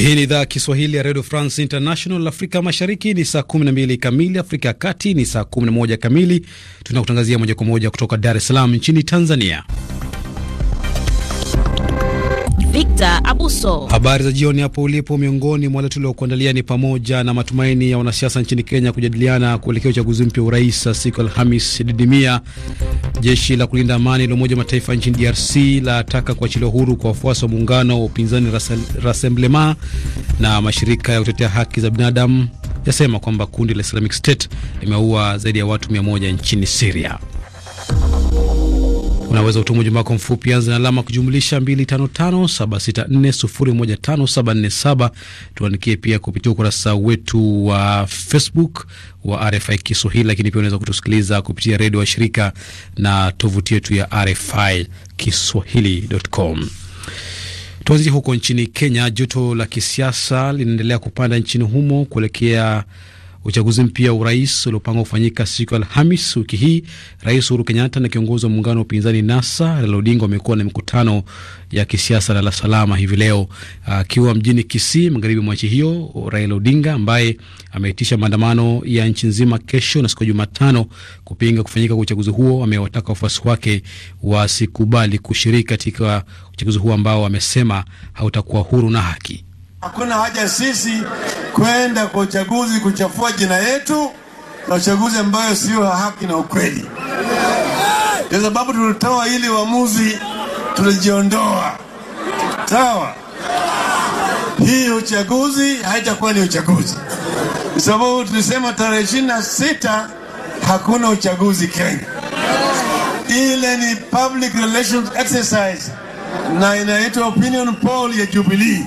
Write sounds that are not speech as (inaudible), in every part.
Hii ni idhaa ya Kiswahili ya redio France International. Afrika Mashariki ni saa 12 kamili, Afrika ya Kati ni saa 11 kamili. Tunakutangazia moja kwa moja kutoka Dar es Salaam nchini Tanzania. Victor Abuso. Habari za jioni hapo ulipo. Miongoni mwa wale tuliokuandalia ni pamoja na matumaini ya wanasiasa nchini Kenya kujadiliana kuelekea uchaguzi mpya wa urais siku Alhamis didimia. Jeshi la kulinda amani la Umoja Mataifa nchini DRC lataka kuachilia huru kwa wafuasi wa muungano wa upinzani Rassemblement, na mashirika ya kutetea haki za binadamu yasema kwamba kundi la Islamic State limeua zaidi ya watu 100 nchini Syria. Unaweza utuma ujumbe wako mfupi, anza na alama kujumlisha 255764015747. Tuandikie pia kupitia ukurasa wetu wa Facebook wa RFI Kiswahili, lakini pia unaweza kutusikiliza kupitia redio wa shirika na tovuti yetu ya RFI Kiswahili.com. Tuanzie huko nchini Kenya. Joto la kisiasa linaendelea kupanda nchini humo kuelekea Uchaguzi mpya wa urais uliopangwa kufanyika siku ya Alhamis wiki hii, Rais Uhuru Kenyatta na kiongozi wa muungano wa upinzani NASA Raila Odinga wamekuwa na mikutano ya kisiasa Dar es Salaam hivi leo, akiwa mjini Kisii, magharibi mwa nchi hiyo. Raila Odinga ambaye ameitisha maandamano ya nchi nzima kesho na siku ya Jumatano kupinga kufanyika kwa uchaguzi huo, amewataka wafuasi wake wasikubali kushiriki katika uchaguzi huo ambao amesema hautakuwa huru na haki. Hakuna haja sisi kwenda kwa uchaguzi kuchafua jina yetu na uchaguzi ambayo siyo haki na ukweli. Ndio sababu tulitoa ili uamuzi, tulijiondoa. Sawa, hii uchaguzi haitakuwa ni uchaguzi, kwa sababu tulisema tarehe ishirini na sita hakuna uchaguzi Kenya. Ile ni public relations exercise na inaitwa opinion poll ya Jubilee.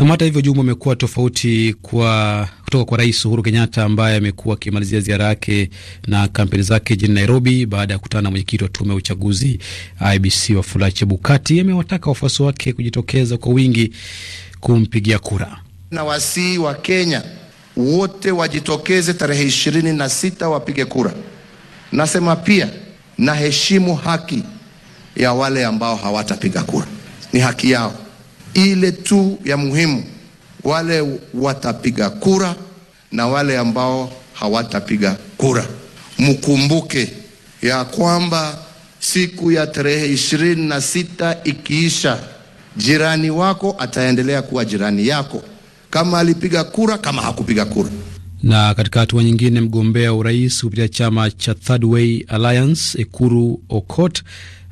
Na hata hivyo, juma amekuwa tofauti kwa kutoka kwa Rais Uhuru Kenyatta ambaye amekuwa akimalizia ziara yake na kampeni zake jijini Nairobi baada ya kukutana na mwenyekiti wa tume ya uchaguzi IBC Wafula Chebukati. Amewataka wafuasi wake kujitokeza kwa wingi kumpigia kura na wasii wa Kenya wote wajitokeze tarehe ishirini na sita wapige kura. Nasema pia naheshimu haki ya wale ambao hawatapiga kura, ni haki yao ile tu ya muhimu. Wale watapiga kura na wale ambao hawatapiga kura, mkumbuke ya kwamba siku ya tarehe ishirini na sita ikiisha, jirani wako ataendelea kuwa jirani yako, kama alipiga kura, kama hakupiga kura. Na katika hatua nyingine, mgombea urais kupitia chama cha Third Way Alliance Ekuru Okot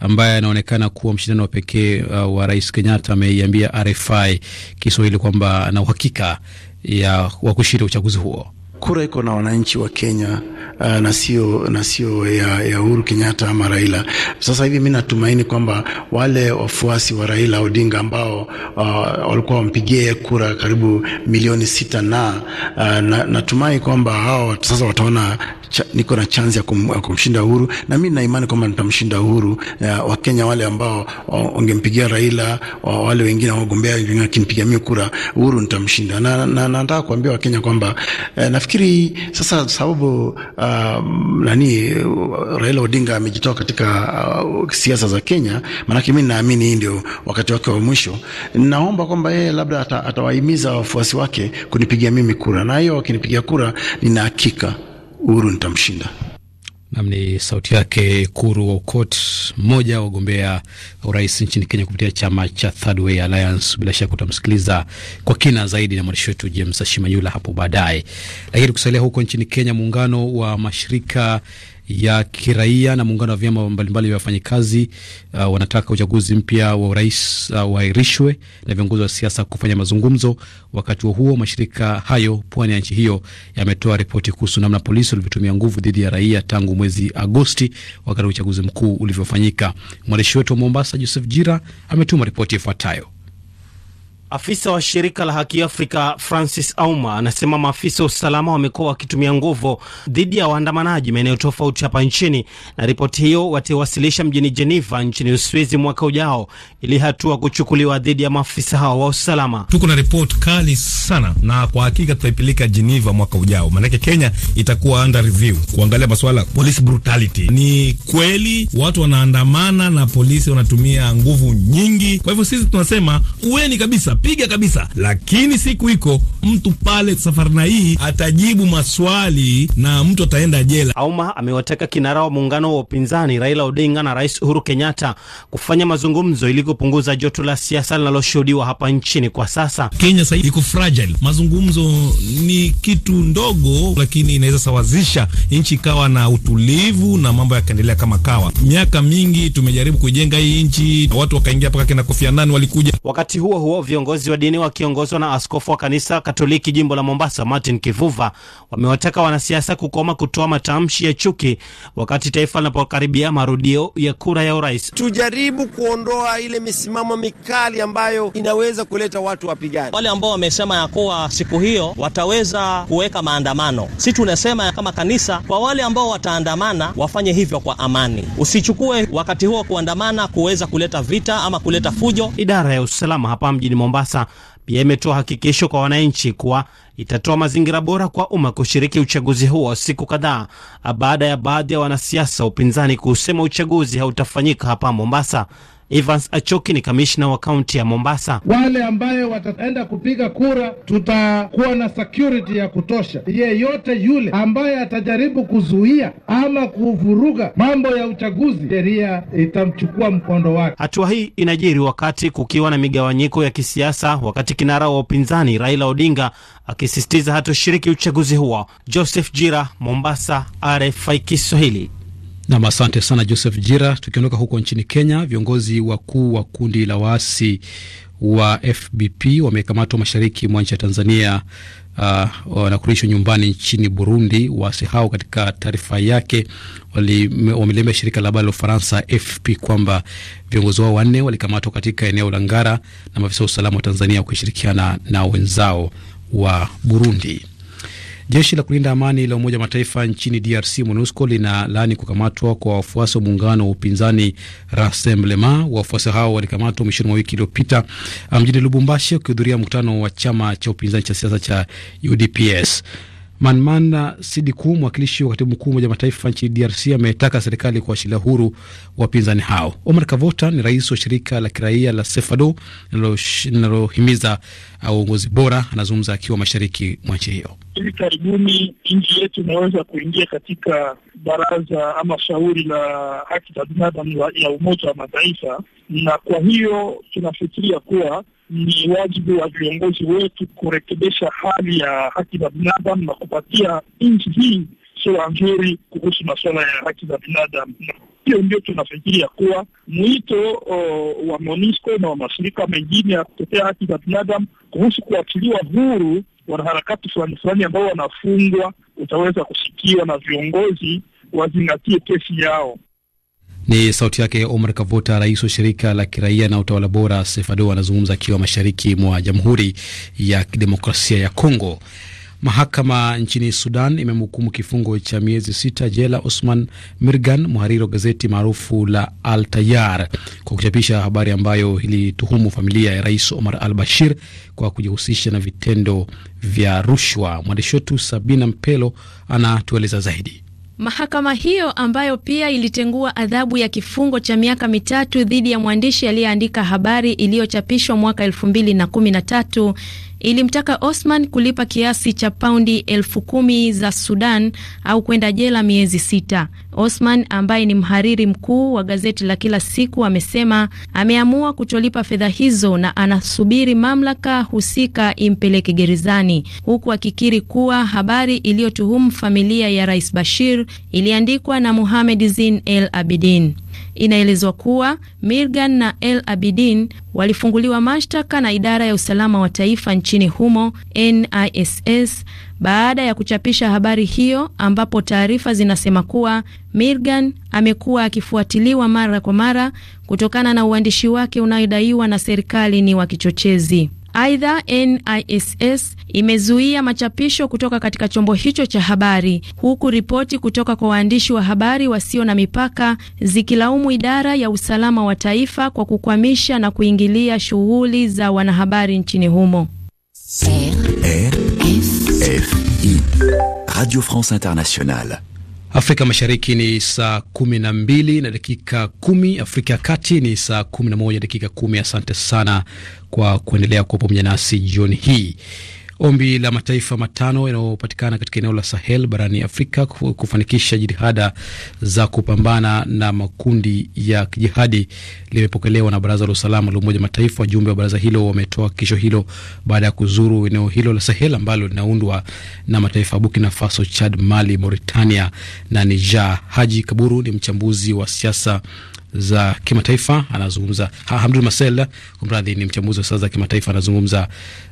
ambaye anaonekana kuwa mshindano wa pekee uh, wa Rais Kenyatta ameiambia RFI Kiswahili kwamba ana uhakika wa kushinda uchaguzi huo. Kura iko na wananchi wa Kenya uh, na sio na sio ya, ya Uhuru Kenyatta ama Raila. Sasa hivi mimi natumaini kwamba wale wafuasi wa Raila Odinga ambao uh, walikuwa wampigie kura karibu milioni sita na, uh, na natumai kwamba hao sasa wataona cha, niko na chansi ya kum, kumshinda Uhuru na mimi na imani kwamba nitamshinda Uhuru. Uh, Wakenya wale ambao uh, wangempigia Raila, wa, wale wengine wagombea wengine akinipigia mimi kura Uhuru nitamshinda, na nataka na, na, kuambia Wakenya kwamba uh, nafikiri sasa sababu um, nani Raila Odinga amejitoa katika uh, siasa za Kenya, maanake mi naamini hii ndio wakati wake wa mwisho. Naomba kwamba yeye labda ata, atawahimiza wafuasi wake kunipigia mimi kura, na hiyo wakinipigia kura, nina hakika Uhuru nitamshinda. Nam ni sauti yake Kuru Aukot, mmoja wa wagombea urais nchini Kenya kupitia chama cha Third Way Alliance. Bila shaka utamsikiliza kwa kina zaidi na mwandishi wetu James Shimanyula hapo baadaye. Lakini tukisalia huko nchini Kenya, muungano wa mashirika ya kiraia na muungano wa vyama mbalimbali vya wafanyikazi uh, wanataka uchaguzi mpya wa urais uh, na viongozi wa siasa kufanya mazungumzo. Wakati wa huo mashirika hayo pwani ya nchi hiyo yametoa ripoti kuhusu namna polisi walivyotumia nguvu dhidi ya raia tangu mwezi Agosti wakati wa uchaguzi mkuu ulivyofanyika. Mwandishi wetu wa Mombasa Joseph Jira ametuma ripoti ifuatayo. Afisa wa shirika la Haki Afrika Francis Auma anasema maafisa wa usalama wamekuwa wakitumia nguvu dhidi ya waandamanaji maeneo tofauti hapa nchini, na ripoti hiyo wataiwasilisha mjini Geneva nchini Uswizi mwaka ujao ili hatua kuchukuliwa dhidi ya maafisa hao wa usalama. Tuko na ripoti kali sana, na kwa hakika tutaipeleka Geneva mwaka ujao, maanake Kenya itakuwa under review kuangalia masuala police brutality. Ni kweli watu wanaandamana na polisi wanatumia nguvu nyingi, kwa hivyo sisi tunasema uweni kabisa tunapiga kabisa, lakini siku iko mtu pale safarina hii atajibu maswali na mtu ataenda jela. Auma amewataka kinara wa muungano wa upinzani Raila Odinga na Rais Uhuru Kenyatta kufanya mazungumzo ili kupunguza joto la siasa linaloshuhudiwa hapa nchini kwa sasa. Kenya sasa iko fragile, mazungumzo ni kitu ndogo, lakini inaweza sawazisha nchi ikawa na utulivu na mambo yakaendelea kama kawa. Miaka mingi tumejaribu kujenga hii nchi, watu wakaingia mpaka kina Kofi Annan walikuja. Wakati huo huo viongo Viongozi wa dini wakiongozwa na askofu wa kanisa Katoliki jimbo la Mombasa Martin Kivuva wamewataka wanasiasa kukoma kutoa matamshi ya chuki wakati taifa linapokaribia marudio ya kura ya urais. Tujaribu kuondoa ile misimamo mikali ambayo inaweza kuleta watu wapigani Wale ambao wamesema ya kuwa siku hiyo wataweza kuweka maandamano, si tunasema kama kanisa, kwa wale ambao wataandamana wafanye hivyo kwa amani, usichukue wakati huo kuandamana kuweza kuleta vita ama kuleta fujo. Idara ya usalama hapa mjini Mombasa Mombasa pia imetoa hakikisho kwa wananchi kuwa itatoa mazingira bora kwa umma kushiriki uchaguzi huo siku kadhaa baada ya baadhi ya wanasiasa upinzani kusema uchaguzi hautafanyika hapa Mombasa. Evans Achoki ni kamishna wa kaunti ya Mombasa. Wale ambaye wataenda kupiga kura, tutakuwa na security ya kutosha. Yeyote yule ambaye atajaribu kuzuia ama kuvuruga mambo ya uchaguzi, sheria itamchukua mkondo wake. Hatua hii inajiri wakati kukiwa na migawanyiko ya kisiasa, wakati kinara wa upinzani Raila Odinga akisisitiza hatoshiriki uchaguzi huo. Joseph Jira, Mombasa, RFI Kiswahili. Nam, asante sana Joseph Jira. Tukiondoka huko nchini Kenya, viongozi wakuu wa kundi la waasi wa FBP wamekamatwa mashariki mwa nchi ya Tanzania uh, na kurudishwa nyumbani nchini Burundi. Waasi hao katika taarifa yake wameliambia shirika la habari la Ufaransa fp kwamba viongozi wao wanne walikamatwa katika eneo la Ngara na maafisa wa usalama wa Tanzania wakishirikiana na wenzao wa Burundi. Jeshi la kulinda amani la Umoja wa Mataifa nchini DRC, MONUSCO, laani kukamatwa kwa wafuasi wa muungano wa upinzani Rassemblement. Wafuasi hao walikamatwa mwishoni mwa wiki iliyopita uh, mjini Lubumbashi wakihudhuria mkutano wa chama cha upinzani cha siasa cha UDPS manmana Sidiku, mwakilishi wa katibu mkuu Umoja wa Mataifa nchini DRC, ametaka serikali kuachilia huru wapinzani hao. Omar Kavota ni rais wa shirika la kiraia la Sefado linalohimiza uh, uongozi bora. Anazungumza akiwa mashariki mwa nchi hiyo. Hivi karibuni nchi yetu imeweza kuingia katika baraza ama shauri la haki za binadamu ya Umoja wa Mataifa, na kwa hiyo tunafikiria kuwa ni wajibu wa viongozi wetu kurekebisha hali ya haki za binadamu na kupatia nchi hii sura nzuri kuhusu masuala ya haki za binadamu. Hiyo ndio tunafikiria kuwa mwito wa MONUSCO na wa mashirika mengine ya kutetea haki za binadamu kuhusu kuachiliwa huru wanaharakati fulani fulani ambao wanafungwa utaweza kusikiwa na viongozi wazingatie kesi yao. Ni sauti yake Omar Kavota, rais wa shirika la kiraia na utawala bora SEFADO, anazungumza akiwa mashariki mwa Jamhuri ya Kidemokrasia ya Kongo. Mahakama nchini Sudan imemhukumu kifungo cha miezi sita jela Osman Mirgan, mhariri wa gazeti maarufu la Al Tayar kwa kuchapisha habari ambayo ilituhumu familia ya rais Omar Al Bashir kwa kujihusisha na vitendo vya rushwa. Mwandishi wetu Sabina Mpelo anatueleza zaidi. Mahakama hiyo ambayo pia ilitengua adhabu ya kifungo cha miaka mitatu dhidi ya mwandishi aliyeandika habari iliyochapishwa mwaka 2013 ilimtaka Osman kulipa kiasi cha paundi elfu kumi za Sudan au kwenda jela miezi sita. Osman ambaye ni mhariri mkuu wa gazeti la kila siku amesema ameamua kutolipa fedha hizo na anasubiri mamlaka husika impeleke gerezani, huku akikiri kuwa habari iliyotuhumu familia ya Rais Bashir iliandikwa na muhamed zin El Abidin. Inaelezwa kuwa Mirgan na El Abidin walifunguliwa mashtaka na idara ya usalama wa taifa nchini humo NISS baada ya kuchapisha habari hiyo, ambapo taarifa zinasema kuwa Mirgan amekuwa akifuatiliwa mara kwa mara kutokana na uandishi wake unaodaiwa na serikali ni wa kichochezi. Aidha, NISS imezuia machapisho kutoka katika chombo hicho cha habari, huku ripoti kutoka kwa waandishi wa habari wasio na mipaka zikilaumu idara ya usalama wa taifa kwa kukwamisha na kuingilia shughuli za wanahabari nchini humo. Radio France Internationale Afrika Mashariki ni saa kumi na mbili na dakika kumi. Afrika ya Kati ni saa kumi na moja dakika kumi. Asante sana kwa kuendelea kuwa pamoja nasi jioni hii. Ombi la mataifa matano yanayopatikana katika eneo la Sahel barani Afrika kufanikisha jitihada za kupambana na makundi ya kijihadi limepokelewa na baraza la usalama la Umoja Mataifa. Wajumbe wa baraza hilo wametoa kisho hilo baada ya kuzuru eneo hilo la Sahel ambalo linaundwa na mataifa ya Burkina Faso, Chad, Mali, Mauritania na Niger. Haji Kaburu ni mchambuzi wa siasa za kimataifa anazungumza Hamdul Masel kumradhi, ni mchambuzi wa siasa za kimataifa anazungumza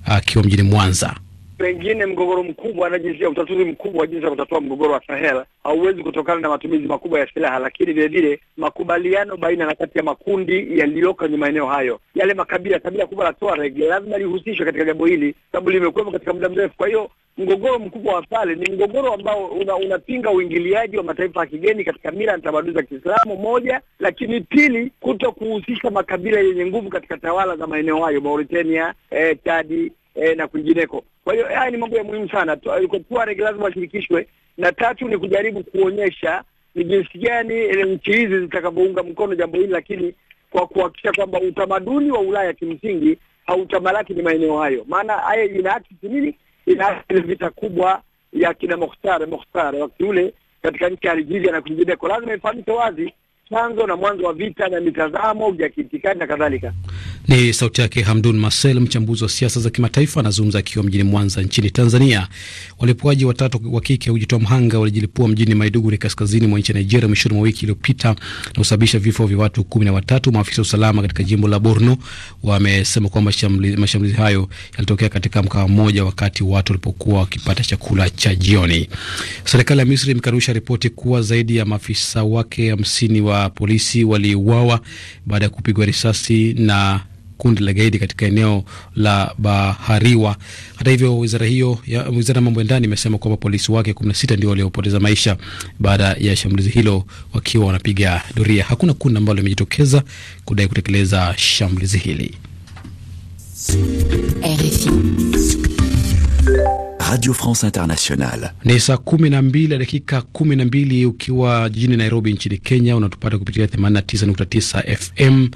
uh, akiwa mjini Mwanza pengine mgogoro mkubwa na jinsi ya utatuzi mkubwa wa jinsi ya kutatua mgogoro wa Sahel hauwezi kutokana na matumizi makubwa ya silaha, lakini vile vile makubaliano baina na kati ya makundi yaliyoko kwenye maeneo hayo, yale makabila, kabila kubwa la Tuareg lazima lihusishwe katika jambo hili, sababu limekuwepo katika muda mrefu. Kwa hiyo mgogoro mkubwa wa pale ni mgogoro ambao unapinga una uingiliaji wa mataifa ya kigeni katika mila na tamaduni za Kiislamu moja, lakini pili, kuto kuhusisha makabila yenye nguvu katika tawala za maeneo hayo Mauritania, eh, Chadi e, na kwingineko. Kwa hiyo haya ni mambo ya muhimu sana, eh, alikokuwa rege lazima washirikishwe, na tatu ni kujaribu kuonyesha ni jinsi gani eh, nchi hizi zitakavyounga mkono jambo hili, lakini kwa kuhakikisha kwamba utamaduni wa Ulaya kimsingi hautamalaki ni maeneo hayo, maana haya inaakisi nini? Inaakisi vita kubwa ya kina Mokhtare Mokhtare wakati ule katika nchi ya Algeria na kwingineko. Lazima ifahamike wazi chanzo na mwanzo wa vita na mitazamo vya kiitikadi na kadhalika. Ni sauti yake Hamdun Marcel, mchambuzi wa siasa za kimataifa, anazungumza akiwa mjini Mwanza nchini Tanzania. Walipuaji watatu wa kike hujitoa mhanga walijilipua mjini Maiduguri, kaskazini mwa nchi ya Nigeria, mwishoni mwa wiki iliyopita na kusababisha vifo vya watu kumi na watatu. Maafisa wa usalama katika jimbo la Borno wamesema kwamba mashambulizi hayo yalitokea katika mkawa mmoja wakati watu walipokuwa wakipata chakula cha jioni. Serikali ya Misri imekanusha ripoti kuwa zaidi ya maafisa wake hamsini wa polisi waliuawa baada ya kupigwa risasi na kundi la gaidi katika eneo la Bahariwa. Hata hivyo, wizara hiyo ya wizara ya mambo ya ndani imesema kwamba polisi wake 16 ndio waliopoteza maisha baada ya shambulizi hilo, wakiwa wanapiga doria. Hakuna kundi ambalo limejitokeza kudai kutekeleza shambulizi hili. RFI. Radio France Internationale. Ni saa kumi na mbili na dakika kumi na mbili ukiwa jijini Nairobi nchini Kenya, unatupata kupitia 89.9 FM.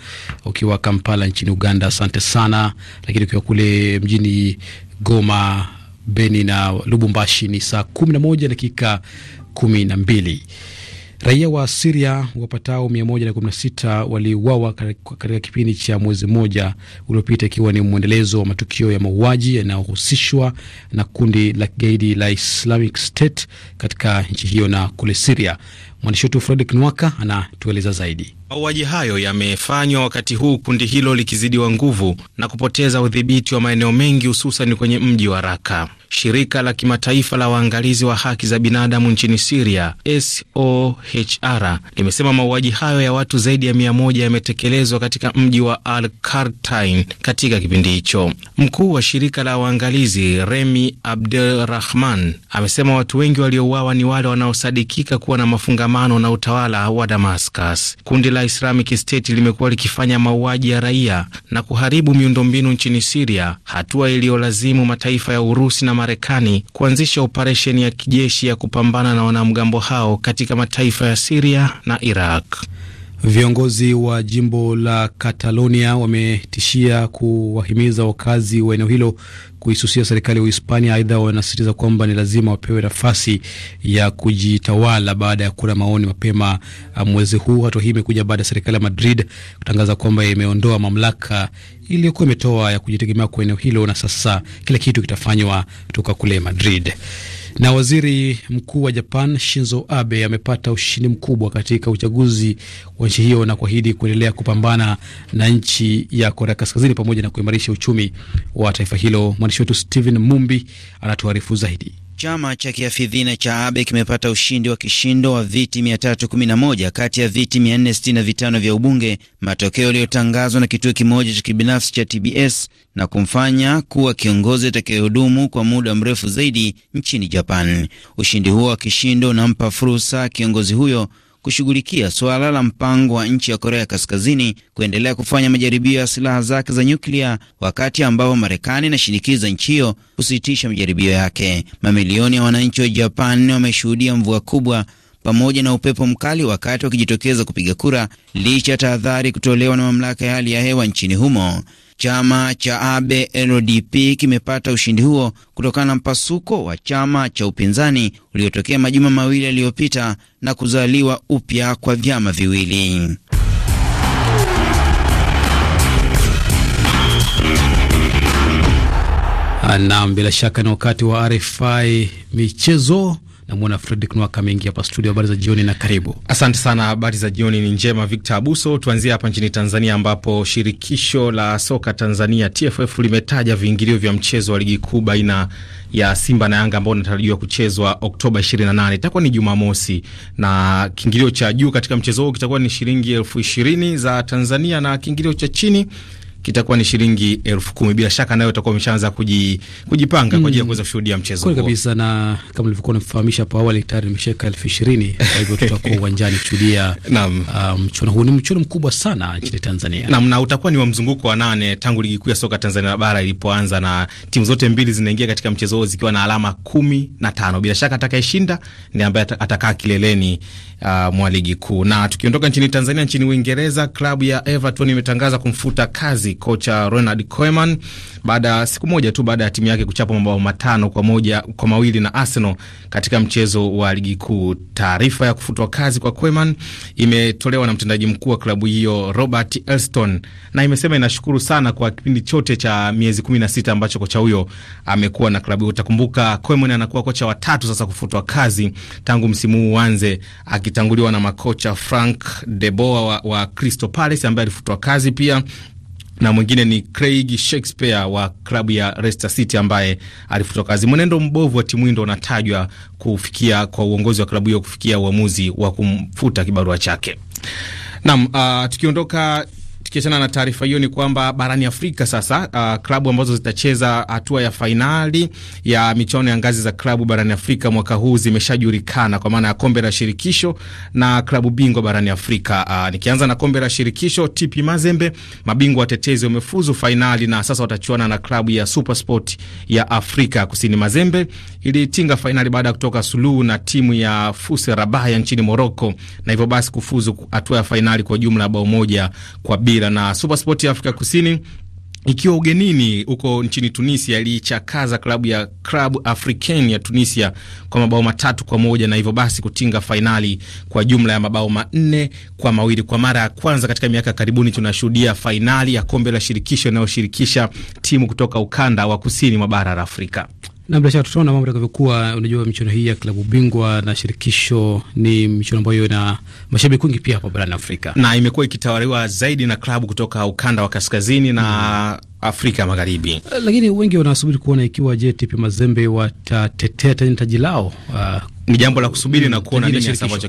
Ukiwa Kampala nchini Uganda, asante sana, lakini ukiwa kule mjini Goma, Beni na Lubumbashi ni saa kumi na moja dakika kumi na mbili. Raia wa Siria wapatao 116 waliuawa katika kipindi cha mwezi mmoja uliopita, ikiwa ni mwendelezo wa matukio ya mauaji yanayohusishwa na kundi la kigaidi la Islamic State katika nchi hiyo na kule Siria. Mwandishi wetu Fredrik Nwaka anatueleza zaidi. Mauaji hayo yamefanywa wakati huu kundi hilo likizidiwa nguvu na kupoteza udhibiti wa maeneo mengi, hususan kwenye mji wa Raka. Shirika la kimataifa la waangalizi wa haki za binadamu nchini Siria, SOHR, limesema mauaji hayo ya watu zaidi ya mia moja yametekelezwa katika mji wa Al Kartain katika kipindi hicho. Mkuu wa shirika la waangalizi Remi Abdelrahman amesema watu wengi waliouawa ni wale wanaosadikika kuwa na mafungamano na utawala wa Damascus. Kundi la Islamic State limekuwa likifanya mauaji ya raia na kuharibu miundombinu nchini Siria, hatua iliyolazimu mataifa ya Urusi na Marekani kuanzisha operesheni ya kijeshi ya kupambana na wanamgambo hao katika mataifa ya Siria na Iraq. Viongozi wa jimbo la Catalonia wametishia kuwahimiza wakazi wa eneo hilo kuisusia serikali ya Uhispania. Aidha, wanasisitiza kwamba ni lazima wapewe nafasi ya kujitawala baada ya kura maoni mapema mwezi huu. Hatua hii imekuja baada ya serikali ya Madrid kutangaza kwamba imeondoa mamlaka iliyokuwa imetoa ya kujitegemea kwa eneo hilo, na sasa kila kitu kitafanywa kutoka kule Madrid. Na waziri mkuu wa Japan Shinzo Abe amepata ushindi mkubwa katika uchaguzi wa nchi hiyo na kuahidi kuendelea kupambana na nchi ya Korea Kaskazini pamoja na kuimarisha uchumi wa taifa hilo. Mwandishi wetu Steven Mumbi anatuarifu zaidi. Chama cha kiafidhina cha Abe kimepata ushindi wa kishindo wa viti 311 kati ya viti 465 vya ubunge, matokeo yaliyotangazwa na kituo kimoja cha kibinafsi cha TBS na kumfanya kuwa kiongozi atakayehudumu kwa muda mrefu zaidi nchini Japan. Ushindi huo wa kishindo unampa fursa kiongozi huyo kushughulikia suala la mpango wa nchi ya Korea Kaskazini kuendelea kufanya majaribio ya silaha zake za nyuklia, wakati ambao Marekani inashinikiza nchi hiyo kusitisha majaribio yake. Mamilioni ya wananchi wa Japan wameshuhudia mvua kubwa pamoja na upepo mkali wakati wakijitokeza kupiga kura, licha ya tahadhari kutolewa na mamlaka ya hali ya hewa nchini humo. Chama cha Abe kimepata ushindi huo kutokana na mpasuko wa chama cha upinzani uliotokea majuma mawili yaliyopita na kuzaliwa upya kwa vyama viwili. Naam, bila shaka ni wakati wa RFI michezo namwona Fredrick Nwaka mengi hapa studio. Habari za jioni na karibu. Asante sana, habari za jioni ni njema, Victor Abuso. Tuanzie hapa nchini Tanzania ambapo shirikisho la soka Tanzania TFF limetaja viingilio vya mchezo wa ligi kuu baina ya Simba na Yanga ambao unatarajiwa kuchezwa Oktoba 28, itakuwa ni Jumamosi, na kiingilio cha juu katika mchezo huo kitakuwa ni shilingi elfu ishirini za Tanzania na kiingilio cha chini kitakuwa ni shilingi elfu kumi. Bila shaka nayo utakuwa umeshaanza kujipanga mm, kwa ajili ya mm. kuweza kushuhudia mchezo huo kabisa, na kama nilivyokuwa nimefahamisha hapo awali tayari nimesheka elfu ishirini (laughs) kwa hivyo tutakuwa uwanjani kushuhudia uh, mchuano um, huu. Ni mchuano mkubwa sana nchini Tanzania nam, na utakuwa ni wa mzunguko wa nane tangu ligi kuu ya soka Tanzania bara ilipoanza, na timu zote mbili zinaingia katika mchezo huo zikiwa na alama kumi na tano. Bila shaka atakayeshinda ni ambaye atakaa kileleni uh, mwa ligi kuu. Na tukiondoka nchini Tanzania, nchini Uingereza, klabu ya Everton imetangaza kumfuta kazi Uholanzi kocha Ronald Koeman baada siku moja tu baada ya timu yake kuchapa mabao matano kwa moja kwa mawili na Arsenal katika mchezo wa ligi kuu. Taarifa ya kufutwa kazi kwa Koeman imetolewa na mtendaji mkuu wa klabu hiyo Robert Elston, na imesema inashukuru sana kwa kipindi chote cha miezi 16 ambacho kocha huyo amekuwa na klabu hiyo. Utakumbuka Koeman anakuwa kocha wa tatu sasa kufutwa kazi tangu msimu huu uanze, akitanguliwa na makocha Frank De Boer wa, wa Crystal Palace ambaye alifutwa kazi pia na mwingine ni Craig Shakespeare wa klabu ya Leicester City ambaye alifutwa kazi. Mwenendo mbovu wa timu ndo unatajwa kufikia kwa uongozi wa klabu hiyo kufikia uamuzi wa kumfuta kibarua chake. Naam, uh, tukiondoka tukiachana na taarifa hiyo, ni kwamba barani Afrika sasa, uh, klabu ambazo zitacheza hatua ya fainali ya michuano ya ngazi za klabu barani Afrika mwaka huu zimeshajulikana kwa maana ya kombe la shirikisho na klabu bingwa barani Afrika. Uh, nikianza na kombe la shirikisho, TP Mazembe mabingwa watetezi wamefuzu fainali na sasa watachuana na klabu ya SuperSport ya Afrika Kusini. Mazembe ilitinga fainali baada ya kutoka suluhu na timu ya Fuse Rabaya nchini Morocco na hivyo basi kufuzu hatua ya fainali kwa jumla ya bao moja kwa bila mpira na SuperSport ya Afrika Kusini ikiwa ugenini huko nchini Tunisia ilichakaza klabu ya Club Africain ya Tunisia kwa mabao matatu kwa moja na hivyo basi kutinga fainali kwa jumla ya mabao manne kwa mawili. Kwa mara ya kwanza katika miaka karibuni tunashuhudia fainali ya kombe la shirikisho inayoshirikisha timu kutoka ukanda wa kusini mwa bara la Afrika. Na bila shaka tutaona mambo yatakavyokuwa. Unajua, michuano hii ya klabu bingwa na shirikisho ni michuano ambayo ina mashabiki wengi pia hapa barani Afrika, na imekuwa ikitawaliwa zaidi na klabu kutoka ukanda wa kaskazini na mm. Afrika Magharibi, eh, lakini wengi wanasubiri kuona ikiwa je, TP Mazembe watatetea tena taji lao. Uh, ni jambo la kusubiri na kuona nini hasa ambacho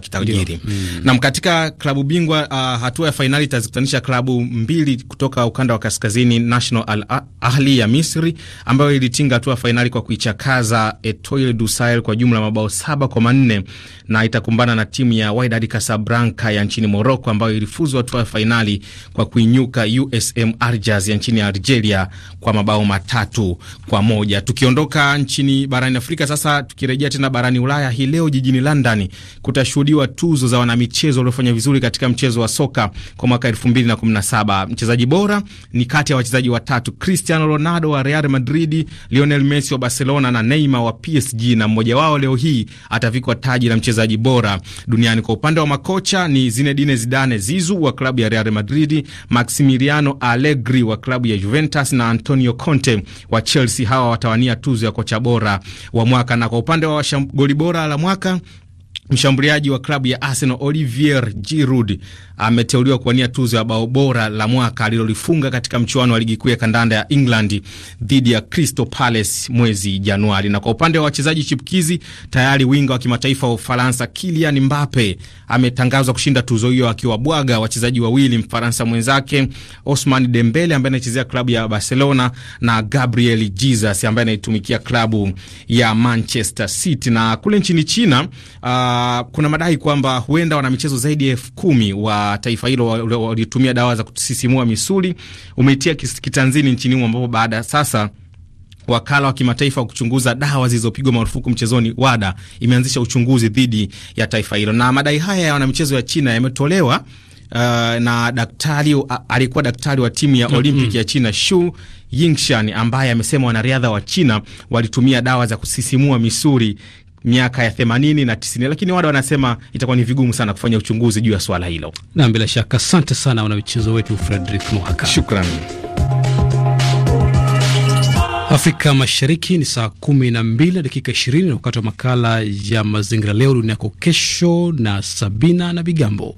kitajiri. Mm. Na katika klabu bingwa uh, hatua ya fainali itazikutanisha klabu mbili kutoka ukanda wa kaskazini, National Al Ahli ya Misri ambayo ilitinga hatua fainali kwa kuichakaza Etoile du Sahel kwa jumla mabao saba kwa manne na itakumbana na timu ya Wydad Casablanca ya nchini Morocco ambayo ilifuzwa hatua ya fainali kwa kuinyuka USM Arjas ya nchini Algeria kwa mabao matatu kwa moja. Tukiondoka nchini barani Afrika sasa, tukirejea tena barani Ulaya hii leo jijini London kutashuhudiwa tuzo za wanamichezo waliofanya vizuri katika mchezo wa soka kwa mwaka 2017. Mchezaji bora ni kati ya wachezaji watatu: Cristiano Ronaldo wa Real Madrid, Lionel Messi wa Barcelona na Neymar wa PSG, na mmoja wao leo hii atavikwa taji la mchezaji mchezaji bora duniani. Kwa upande wa makocha ni Zinedine Zidane Zizu wa klabu ya Real Madrid, Maximiliano Allegri wa klabu ya Juventus na Antonio Conte wa Chelsea. Hawa watawania tuzo ya kocha bora wa mwaka, na kwa upande wa goli bora la mwaka Mshambuliaji wa klabu ya Arsenal Olivier Giroud ameteuliwa kuwania tuzo ya bao bora la mwaka alilolifunga katika mchuano wa ligi kuu ya kandanda ya England dhidi ya Crystal Palace mwezi Januari. Na kwa upande wa wachezaji chipukizi, tayari winga wa kimataifa wa Ufaransa Kylian Mbappe ametangazwa kushinda tuzo hiyo akiwabwaga wachezaji wawili, Mfaransa mwenzake Osman Dembele ambaye anachezea klabu ya Barcelona na Gabriel Jesus ambaye anaitumikia klabu ya Manchester City. Na kule nchini China uh, kuna madai kwamba huenda michezo zaidi ya elfu kumi wa taifa hilo walitumia dawa za kusisimua misuli umeitia kitanzini nchini humo, ambapo baada sasa wakala wa kimataifa wa kuchunguza dawa zilizopigwa marufuku mchezoni WADA imeanzisha uchunguzi dhidi ya taifa hilo, na madai haya ya wanamichezo ya China yametolewa Uh, na daktari uh, alikuwa daktari wa timu ya mm -hmm. Olympic ya China Shu Yingshan ambaye amesema wanariadha wa China walitumia dawa za kusisimua misuli miaka ya themanini na tisini, lakini wada wanasema itakuwa ni vigumu sana kufanya uchunguzi juu ya swala hilo. Na bila shaka asante sana wanamichezo wetu Frederick Mwaka, shukran. Afrika Mashariki ni saa kumi na mbili na dakika ishirini na wakati wa makala ya mazingira leo dunia yako kesho na Sabina na Bigambo.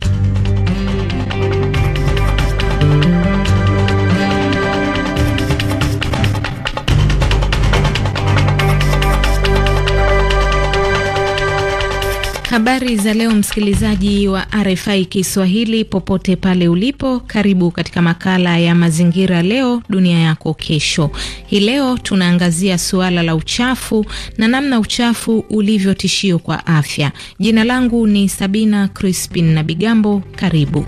Habari za leo, msikilizaji wa RFI Kiswahili popote pale ulipo, karibu katika makala ya mazingira leo dunia yako kesho. Hii leo tunaangazia suala la uchafu na namna uchafu ulivyo tishio kwa afya. Jina langu ni Sabina Crispin na Bigambo, karibu.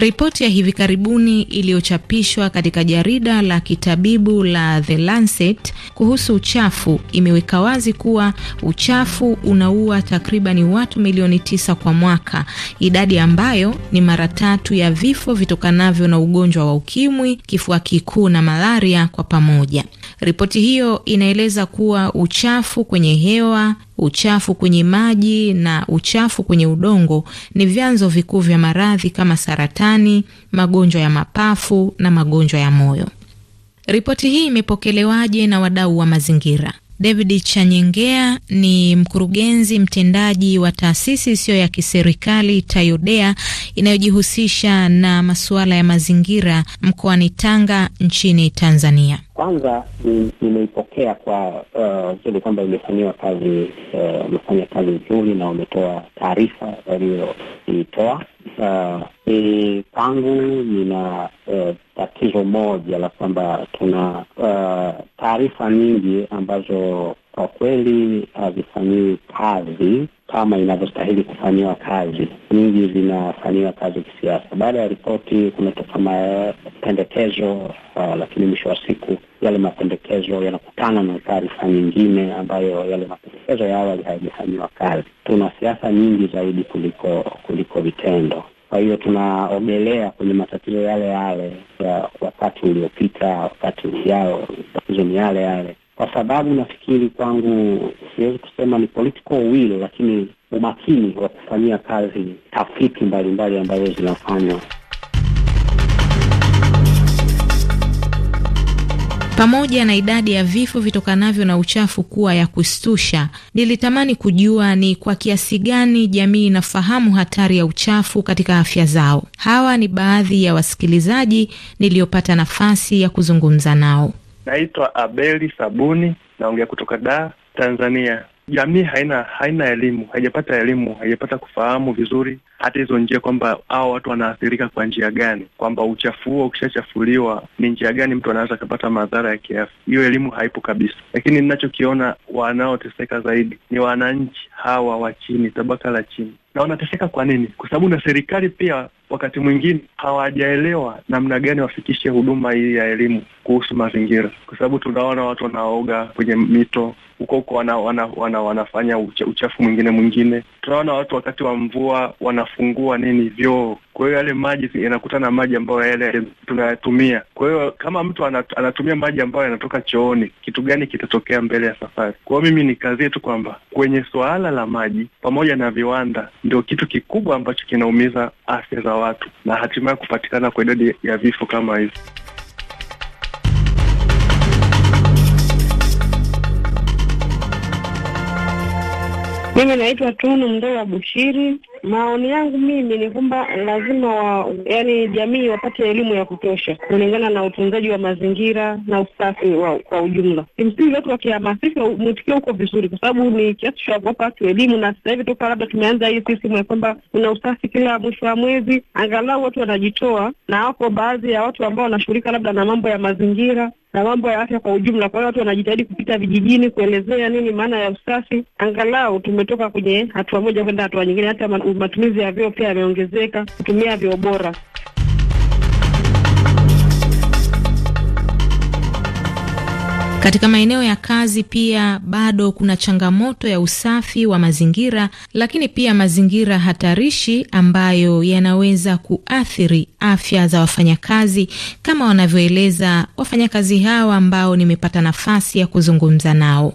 Ripoti ya hivi karibuni iliyochapishwa katika jarida la kitabibu la The Lancet kuhusu uchafu imeweka wazi kuwa uchafu unaua takribani watu milioni tisa kwa mwaka, idadi ambayo ni mara tatu ya vifo vitokanavyo na ugonjwa wa ukimwi, kifua kikuu na malaria kwa pamoja. Ripoti hiyo inaeleza kuwa uchafu kwenye hewa, uchafu kwenye maji na uchafu kwenye udongo ni vyanzo vikuu vya maradhi kama saratani, magonjwa ya mapafu na magonjwa ya moyo. Ripoti hii imepokelewaje na wadau wa mazingira? David Chanyengea ni mkurugenzi mtendaji wa taasisi isiyo ya kiserikali Tayodea inayojihusisha na masuala ya mazingira mkoani Tanga nchini Tanzania. Kwanza nimeipokea kwa uzuri uh, kwamba imefanyiwa kazi, amefanya uh, kazi nzuri na wametoa taarifa walioitoa. Uh, e, pangu nina uh, tatizo moja la kwamba tuna uh, taarifa nyingi ambazo kwa kweli uh, havifanyii kazi kama inavyostahili kufanyiwa kazi. Nyingi zinafanyiwa kazi kisiasa. Baada ya ripoti kumetoka mapendekezo uh, lakini mwisho wa siku yale mapendekezo yanakutana na taarifa nyingine ambayo yale mapendekezo ya awali hayajafanyiwa kazi. Tuna siasa nyingi zaidi kuliko kuliko vitendo. Kwa hiyo tunaogelea kwenye matatizo yale yale ya wakati uliopita, wakati ujao, matatizo ni yale yale kwa sababu nafikiri kwangu, siwezi kusema ni political will, lakini umakini wa kufanyia kazi tafiti mbalimbali ambazo zinafanywa. Pamoja na idadi ya vifo vitokanavyo na uchafu kuwa ya kustusha, nilitamani kujua ni kwa kiasi gani jamii inafahamu hatari ya uchafu katika afya zao. Hawa ni baadhi ya wasikilizaji niliyopata nafasi ya kuzungumza nao. Naitwa Abeli Sabuni, naongea kutoka Dar, Tanzania jamii haina haina elimu, haijapata elimu, haijapata kufahamu vizuri hata hizo njia, kwamba hao watu wanaathirika kwa njia gani, kwamba uchafu huo ukishachafuliwa ni njia gani mtu anaweza akapata madhara ya kiafya. Hiyo elimu haipo kabisa, lakini ninachokiona wanaoteseka zaidi ni wananchi hawa wa chini, tabaka la chini, na wanateseka kwa nini? Kwa sababu na serikali pia wakati mwingine hawajaelewa namna gani wafikishe huduma hii ya elimu kuhusu mazingira, kwa sababu tunaona watu wanaoga kwenye mito, huko huko wana, wana, wana, wanafanya uchafu mwingine mwingine. Tunaona watu wakati wa mvua wanafungua nini vyoo, kwa hiyo yale maji yanakutana na maji ambayo yale tunayatumia. Kwa hiyo kama mtu anat, anatumia maji ambayo yanatoka chooni, kitu gani kitatokea mbele ya safari? Kwa hiyo mimi nikazie tu kwamba kwenye suala la maji pamoja na viwanda ndio kitu kikubwa ambacho kinaumiza afya za watu na hatimaye kupatikana kwa idadi ya vifo kama hivi. Mimi naitwa Tunu wa Bushiri. Maoni yangu mimi ni kwamba lazima wa, yani jamii wapate elimu ya kutosha kulingana na utunzaji wa mazingira na usafi wa, kwa ujumla. Kimsingi watu wakihamasishwa, mwitikio uko vizuri, kwa sababu ni kiasi cha kuwapa watu elimu. Na sasa hivi toka labda tumeanza hii system ya kwamba kuna usafi kila mwisho wa mwezi, angalau watu wanajitoa, na wako baadhi ya watu ambao wanashughulika labda na mambo ya mazingira na mambo ya afya kwa ujumla. Kwa hiyo watu wanajitahidi kupita vijijini kuelezea nini maana ya usafi. Angalau tumetoka kwenye hatua moja kwenda hatua nyingine. Hata matumizi ya vyoo pia yameongezeka, kutumia vyoo bora. Katika maeneo ya kazi pia bado kuna changamoto ya usafi wa mazingira, lakini pia mazingira hatarishi ambayo yanaweza kuathiri afya za wafanyakazi, kama wanavyoeleza wafanyakazi hawa ambao nimepata nafasi ya kuzungumza nao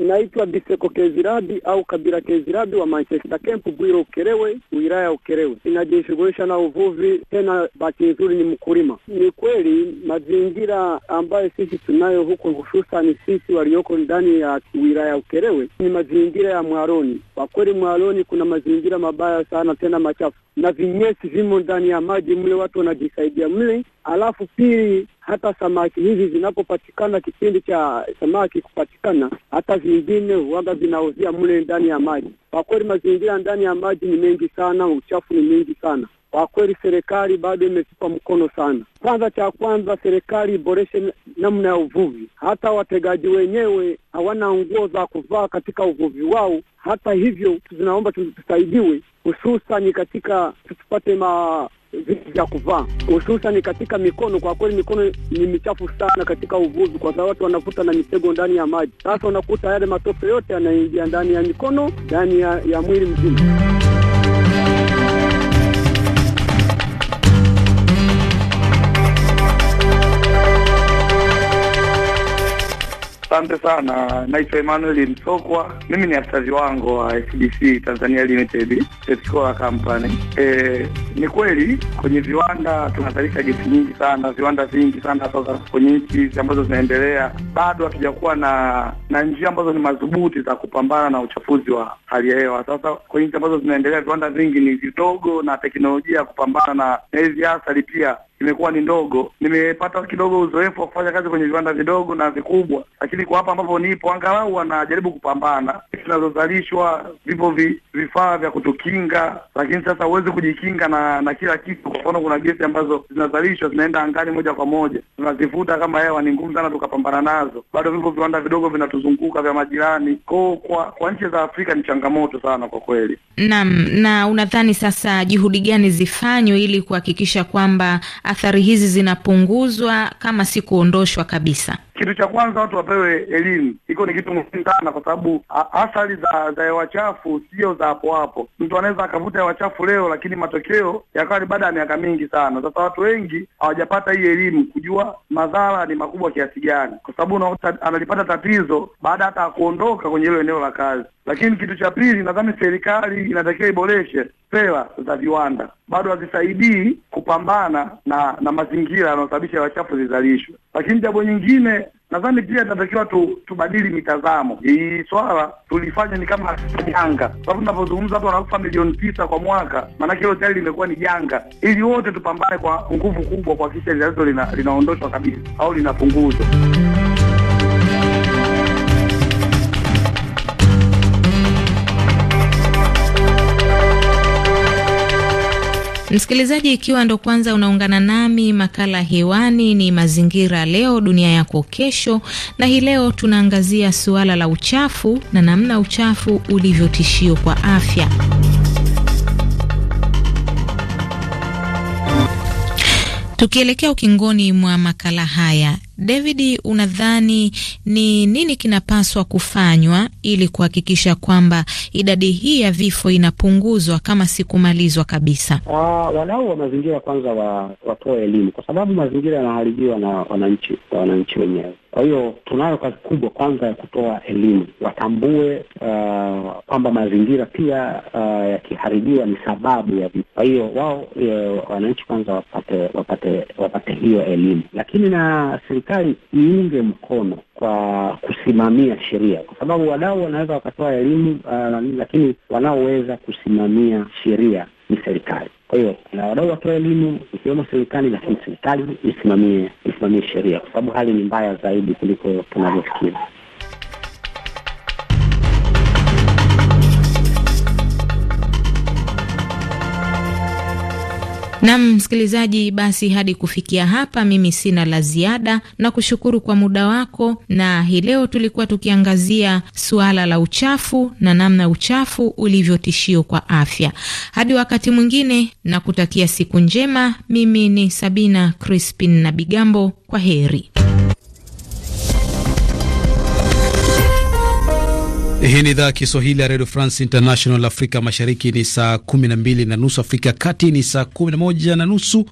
inaitwa Biseko Keziradi au Kabila Keziradi wa Manchester Camp Bwiro ukerewe wilaya ukerewe Inajishughulisha na uvuvi, tena bahati nzuri ni mkulima. Ni kweli mazingira ambayo sisi tunayo huko, hususani sisi walioko ndani ya wilaya ukerewe ni mazingira ya mwaroni. Kwa kweli mwaroni kuna mazingira mabaya sana, tena machafu na vinyesi vimo ndani ya maji mle, watu wanajisaidia mle. Alafu pili, hata samaki hizi zinapopatikana, kipindi cha samaki kupatikana, hata vingine huwaga vinauzia mle ndani ya maji. Kwa kweli, mazingira ndani ya maji ni mengi sana, uchafu ni mengi sana. Kwa kweli serikali bado imetupa mkono sana. Kwanza, cha kwanza serikali iboreshe namna ya uvuvi. Hata wategaji wenyewe hawana nguo za kuvaa katika uvuvi wao. Hata hivyo, tunaomba tusaidiwe, hususani katika tupate ma vitu vya kuvaa hususan katika mikono. Kwa kweli mikono ni michafu sana katika uvuvi, kwa sababu watu wanavuta na mitego ndani ya maji. Sasa unakuta yale matope yote yanaingia ndani ya mikono, ndani ya, ya mwili mzima. Asante sana, naitwa Emmanuel Msokwa, mimi ni afisa viwango wa SDC Tanzania Limited Coca Company. E, ni kweli kwenye viwanda tunazalisha gesi nyingi sana, viwanda vingi sana hasa kwenye nchi ambazo zinaendelea, bado hatujakuwa na na njia ambazo ni madhubuti za kupambana na uchafuzi wa hali ya hewa. Sasa kwenye nchi ambazo zinaendelea, viwanda vingi ni vidogo na teknolojia ya kupambana na hizi athari pia imekuwa ni ndogo. Nimepata kidogo uzoefu wa kufanya kazi kwenye viwanda vidogo na vikubwa, lakini kwa hapa ambapo nipo angalau wanajaribu kupambana. Vinazozalishwa vipo vi, vifaa vya kutukinga, lakini sasa huwezi kujikinga na na kila kitu. Kwa mfano, kuna gesi ambazo zinazalishwa zinaenda angani moja kwa moja, tunazivuta kama hewa, ni ngumu sana tukapambana nazo. Bado vipo viwanda vidogo vinatuzunguka vya majirani. Ko, kwa kwa nchi za Afrika ni changamoto sana kwa kweli. Naam. Na unadhani sasa juhudi gani zifanywe ili kuhakikisha kwamba athari hizi zinapunguzwa kama si kuondoshwa kabisa? Kitu cha kwanza watu wapewe elimu, hiko ni kitu muhimu sana, kwa sababu athari za za hewa chafu sio za hapo hapo. Mtu anaweza akavuta hewa chafu leo, lakini matokeo yakawa ni baada ya miaka mingi sana. Sasa watu wengi hawajapata hii elimu kujua madhara ni makubwa kiasi gani, kwa sababu unakuta analipata tatizo baada hata ya kuondoka kwenye hilo eneo la kazi. Lakini kitu cha pili, nadhani serikali inatakiwa iboreshe sera za viwanda, bado hazisaidii kupambana na na mazingira yanayosababisha hewa chafu zizalishwe. Lakini jambo nyingine Nadhani pia tunatakiwa tu, tubadili mitazamo. Hii swala tulifanya ni kama janga, sababu tunapozungumza watu wanakufa milioni tisa kwa mwaka, maanake hilo tayari limekuwa ni janga, ili wote tupambane kwa nguvu kubwa kuhakikisha linaondoshwa lina kabisa au linapunguzwa. Msikilizaji, ikiwa ndo kwanza unaungana nami, makala hewani ni Mazingira Leo Dunia Yako Kesho, na hii leo tunaangazia suala la uchafu na namna uchafu ulivyotishio kwa afya. Tukielekea ukingoni mwa makala haya, David, unadhani ni nini kinapaswa kufanywa ili kuhakikisha kwamba idadi hii ya vifo inapunguzwa kama si kumalizwa kabisa? Uh, wa mazingira kwanza watoe wa elimu, kwa sababu mazingira yanaharibiwa na wananchi wananchi wenyewe kwa hiyo tunayo kazi kubwa kwanza ya kutoa elimu, watambue uh, kwamba mazingira pia uh, yakiharibiwa ni sababu ya vitu. Kwa hiyo wao eh, wananchi kwanza wapate wapate wapate hiyo elimu, lakini na serikali iunge mkono kwa kusimamia sheria, kwa sababu wadau wanaweza wakatoa elimu uh, lakini wanaoweza kusimamia sheria ni serikali. Kwa hiyo na wadau watoa elimu ikiwemo serikali, lakini serikali isimamie isimamie sheria, kwa sababu hali ni mbaya zaidi kuliko tunavyofikiri. Nam msikilizaji, basi hadi kufikia hapa, mimi sina la ziada na kushukuru kwa muda wako. Na hii leo tulikuwa tukiangazia suala la uchafu na namna uchafu ulivyotishio kwa afya. Hadi wakati mwingine, na kutakia siku njema. Mimi ni Sabina Crispin na Bigambo, kwa heri. Hii ni idhaa ya Kiswahili ya redio France International. Afrika mashariki ni saa 12 na nusu, Afrika kati ni saa 11 na nusu.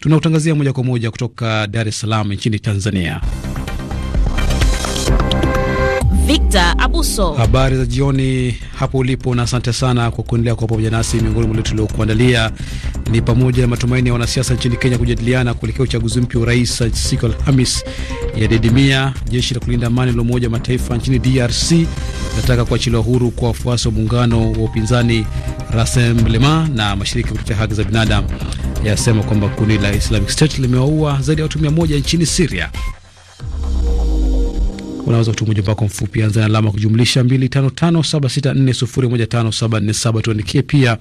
Tunautangazia moja kwa moja kutoka Dar es Salaam nchini Tanzania. Victor Abuso. Habari za jioni hapo ulipo, na asante sana kwa kuendelea kwa pamoja nasi. Miongoni mwa tuliokuandalia ni pamoja na matumaini ya wanasiasa nchini Kenya kujadiliana kuelekea uchaguzi mpya wa rais siku Alhamis dedimia Jeshi la kulinda amani la Umoja wa Mataifa nchini DRC nataka kuachiliwa huru kwa wafuasi wa muungano wa upinzani Rassemblement, na mashirika ya kutetea haki za binadamu yasema kwamba kundi la Islamic State limewaua zaidi ya watu mia moja nchini siria Unaweza kutuma ujumbe wako mfupi, anza na alama kujumlisha 255764015747. Tuandikie pia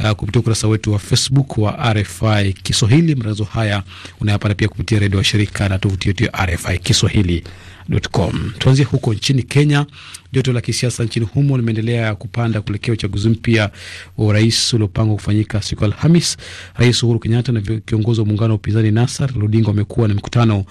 uh, kupitia ukurasa wetu wa Facebook wa RFI Kiswahili. Matangazo haya unayapata pia kupitia redio wa shirika na tovuti yetu ya RFI Kiswahili com. Tuanzie huko nchini Kenya. Joto la kisiasa nchini humo limeendelea kupanda kuelekea uchaguzi mpya wa urais uliopangwa kufanyika siku ya Alhamis. Rais Uhuru Kenyatta na kiongozi wa muungano wa upinzani Nasar Odinga wamekuwa na mikutano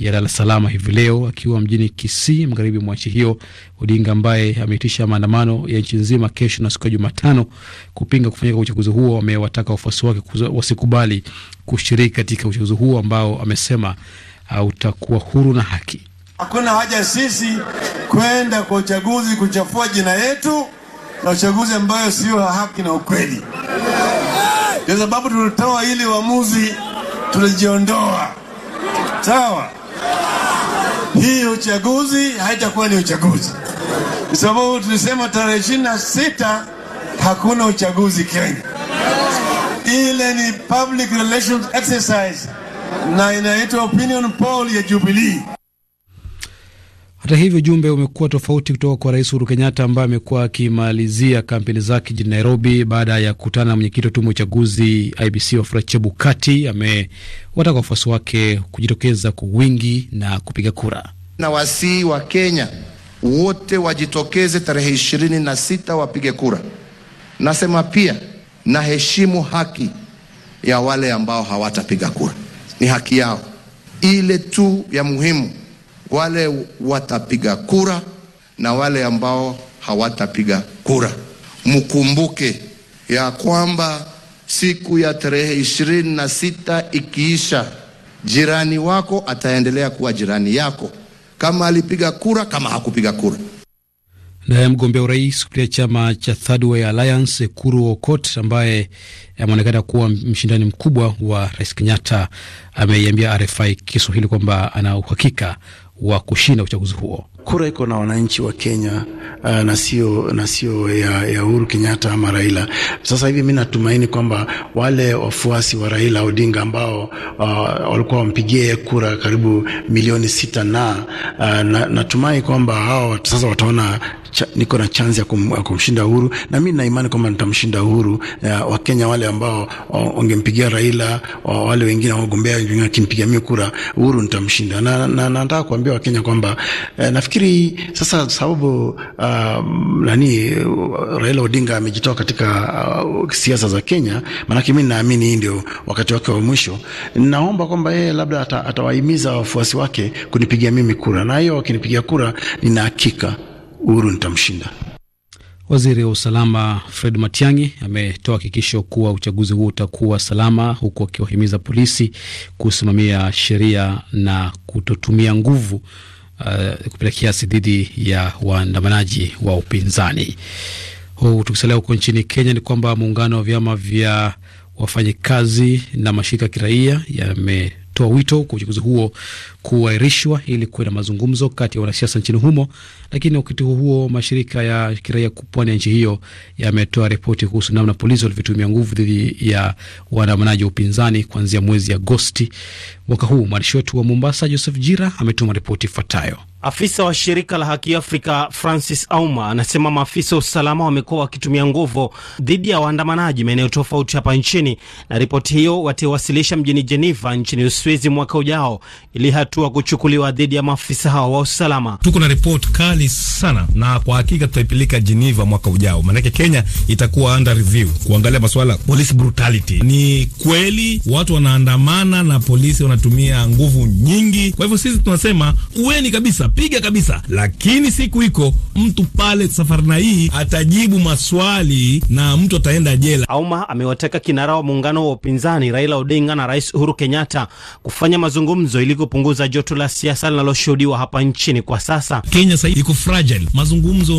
ya Dar es Salaam hivi leo akiwa mjini Kisii, magharibi mwa nchi hiyo. Odinga ambaye ameitisha maandamano ya nchi nzima kesho na siku ya Jumatano kupinga kufanyika kwa uchaguzi huo, amewataka wafuasi wake wasikubali kushiriki katika uchaguzi huo ambao amesema uh, utakuwa huru na haki. Hakuna haja sisi kwenda kwa uchaguzi kuchafua jina yetu na uchaguzi ambayo sio haki na ukweli. Ndio sababu tulitoa ili uamuzi, tulijiondoa. Sawa, hii uchaguzi haitakuwa ni uchaguzi, kwa sababu tulisema tarehe ishirini na sita hakuna uchaguzi Kenya. Ile ni public relations exercise na inaitwa opinion poll ya Jubilee. Hata hivyo, ujumbe umekuwa tofauti kutoka kwa Rais Uhuru Kenyatta ambaye amekuwa akimalizia kampeni zake jijini Nairobi baada ya kukutana na mwenyekiti wa tume ya uchaguzi IBC Wafula Chebukati. Amewataka wafuasi wake kujitokeza kwa wingi na kupiga kura, na wasii wa Kenya wote wajitokeze tarehe ishirini na sita wapige kura. Nasema pia naheshimu haki ya wale ambao hawatapiga kura, ni haki yao. Ile tu ya muhimu wale watapiga kura na wale ambao hawatapiga kura. Mkumbuke ya kwamba siku ya tarehe ishirini na sita ikiisha, jirani wako ataendelea kuwa jirani yako, kama alipiga kura, kama hakupiga kura. Naye mgombea urais kupitia chama cha Third Way Alliance Kuru Okot, ambaye ameonekana kuwa mshindani mkubwa wa Rais Kenyatta, ameiambia RFI Kiswahili kwamba ana uhakika wa kushinda uchaguzi huo. Kura iko na wananchi wa Kenya uh, na sio na sio ya, ya Uhuru Kenyatta ama Raila. Sasa hivi mimi natumaini kwamba wale wafuasi wa Raila Odinga ambao uh, walikuwa wampigie kura karibu milioni sita na, uh, na natumai kwamba hao sasa wataona cha, niko na chansi ya kum, kumshinda Uhuru na mimi na imani kwamba nitamshinda Uhuru. Uh, Wakenya wale ambao uh, wangempigia Raila o, wale wengine wagombea wengine wakimpigia mimi kura Uhuru nitamshinda, na nataka na, na, kuambia Wakenya kwamba eh, nafikiri sasa sababu um, nani Raila Odinga amejitoa katika uh, siasa za Kenya, maanake mi naamini hii ndio wakati wake wa mwisho. Naomba kwamba yeye labda ata, atawahimiza wafuasi wake kunipigia mimi kura, na hiyo wakinipigia kura, nina hakika Uhuru nitamshinda. Waziri wa usalama Fred Matiang'i ametoa hakikisho kuwa uchaguzi huo utakuwa salama, huku akiwahimiza polisi kusimamia sheria na kutotumia nguvu uh, kupita kiasi dhidi ya waandamanaji wa upinzani. Huu tukisalia huko nchini Kenya ni kwamba muungano wa vyama vya wafanyikazi na mashirika kiraia yametoa wito kwa uchaguzi huo kuahirishwa ili kuwe na mazungumzo kati ya wanasiasa nchini humo. Lakini wakati huo huo, mashirika ya kiraia pwani ya nchi hiyo yametoa ripoti kuhusu namna polisi walivyotumia nguvu dhidi ya waandamanaji wa upinzani kuanzia mwezi Agosti mwaka huu. Mwandishi wetu wa Mombasa, Joseph Jira, ametuma ripoti ifuatayo. Afisa wa shirika la Haki Afrika Francis Auma anasema maafisa wa usalama wamekuwa wakitumia nguvu dhidi ya waandamanaji maeneo tofauti hapa nchini, na ripoti hiyo wataiwasilisha mjini Jeneva nchini Uswizi mwaka ujao ili hatua kuchukuliwa dhidi ya maafisa hao wa usalama. Tuko na ripoti kali sana, na kwa hakika tutaipeleka Geneva mwaka ujao, maanake Kenya itakuwa under review kuangalia masuala police brutality. Ni kweli watu wanaandamana na polisi wanatumia nguvu nyingi, kwa hivyo sisi tunasema uweni kabisa, piga kabisa, lakini siku iko mtu pale safari na hii atajibu maswali na mtu ataenda jela. Auma amewataka kinara wa muungano wa upinzani Raila Odinga na Rais Uhuru Kenyatta kufanya mazungumzo ili kupunguza kupunguza joto la siasa linaloshuhudiwa hapa nchini kwa sasa. Kenya sasa iko fragile, mazungumzo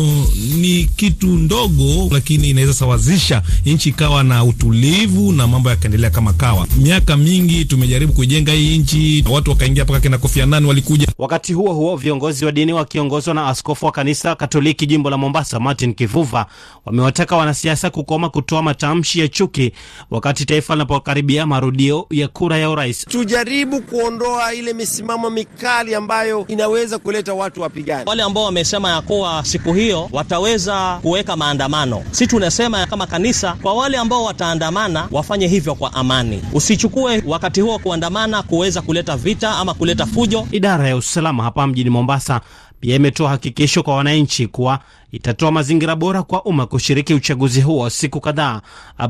ni kitu ndogo, lakini inaweza sawazisha nchi ikawa na utulivu na mambo yakaendelea kama kawa. Miaka mingi tumejaribu kuijenga hii nchi, watu wakaingia mpaka kina Kofi Annan walikuja. Wakati huo huo, viongozi wa dini wakiongozwa na askofu wa kanisa Katoliki jimbo la Mombasa Martin Kivuva wamewataka wanasiasa kukoma kutoa matamshi ya chuki wakati taifa linapokaribia marudio ya kura ya urais. Tujaribu kuondoa ile misimamo misimamo mikali ambayo inaweza kuleta watu wapigane. Wale ambao wamesema ya kuwa siku hiyo wataweza kuweka maandamano, si tunasema kama kanisa, kwa wale ambao wataandamana wafanye hivyo kwa amani, usichukue wakati huo kuandamana kuweza kuleta vita ama kuleta fujo. Idara ya usalama hapa mjini Mombasa pia imetoa hakikisho kwa wananchi kuwa itatoa mazingira bora kwa umma kushiriki uchaguzi huo siku kadhaa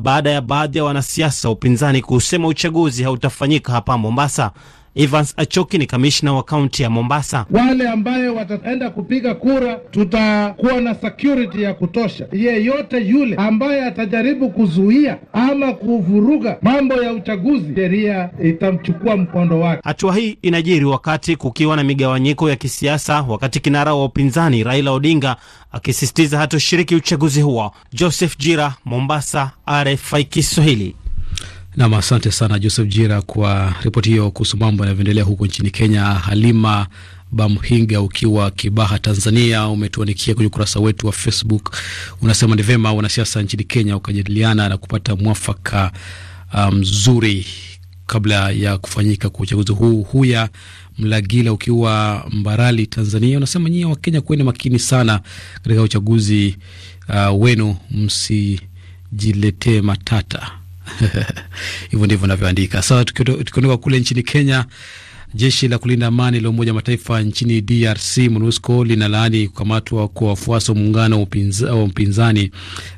baada ya baadhi ya wanasiasa upinzani kusema uchaguzi hautafanyika hapa Mombasa. Evans Achoki ni kamishna wa kaunti ya Mombasa. Wale ambaye wataenda kupiga kura, tutakuwa na security ya kutosha. Yeyote yule ambaye atajaribu kuzuia ama kuvuruga mambo ya uchaguzi, sheria itamchukua mkondo wake. Hatua hii inajiri wakati kukiwa na migawanyiko ya kisiasa, wakati kinara wa upinzani Raila Odinga akisisitiza hatoshiriki uchaguzi huo. Joseph Jira, Mombasa, RFI Kiswahili. Nam, asante sana Joseph Jira kwa ripoti hiyo kuhusu mambo yanavyoendelea huko nchini Kenya. Halima Bamhinga, ukiwa Kibaha, Tanzania, umetuandikia kwenye ukurasa wetu wa Facebook, unasema ni vema wanasiasa nchini Kenya wakajadiliana na kupata mwafaka uh, mzuri um, kabla ya kufanyika kwa uchaguzi huu. Huya Mlagila ukiwa Mbarali, Tanzania, unasema nyie Wakenya kuweni makini sana katika uchaguzi uh, wenu, msijiletee matata. (laughs) hivyo ndivyo navyoandika. Sawa, tukiondoka kule nchini Kenya Jeshi la kulinda amani la Umoja wa Mataifa nchini DRC, MONUSCO, linalaani kukamatwa kwa wafuasi wa muungano wa upinzani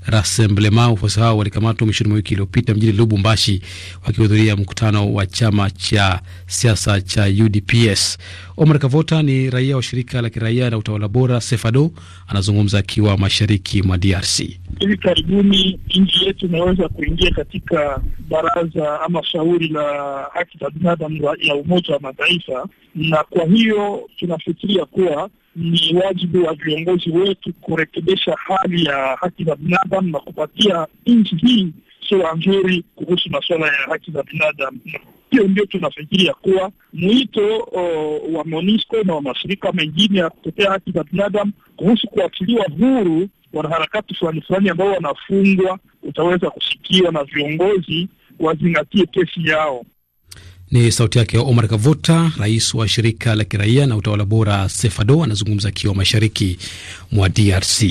Rassemblement. Wafuasi hao walikamatwa mwishoni mwa wiki iliyopita mjini Lubumbashi wakihudhuria mkutano wa chama cha siasa cha UDPS. Omar Kavota ni raia wa shirika la kiraia na utawala bora Sefado, anazungumza akiwa mashariki mwa DRC. Hivi karibuni nchi yetu imeweza kuingia katika baraza ama shauri la haki za binadamu ya Umoja wa Mataifa taifa, na kwa hiyo tunafikiria kuwa ni wajibu wa viongozi wetu kurekebisha hali ya haki za binadamu na kupatia nchi hii sura nzuri kuhusu masuala ya haki za binadamu. Hiyo ndio tunafikiria kuwa mwito wa MONUSCO na wa mashirika mengine ya kutetea haki za binadamu kuhusu kuachiliwa huru wanaharakati fulani fulani ambao wanafungwa utaweza kusikiwa na viongozi wazingatie kesi yao. Ni sauti yake Omar Kavuta, rais wa shirika la kiraia na utawala bora Sefado, anazungumza akiwa mashariki mwa DRC.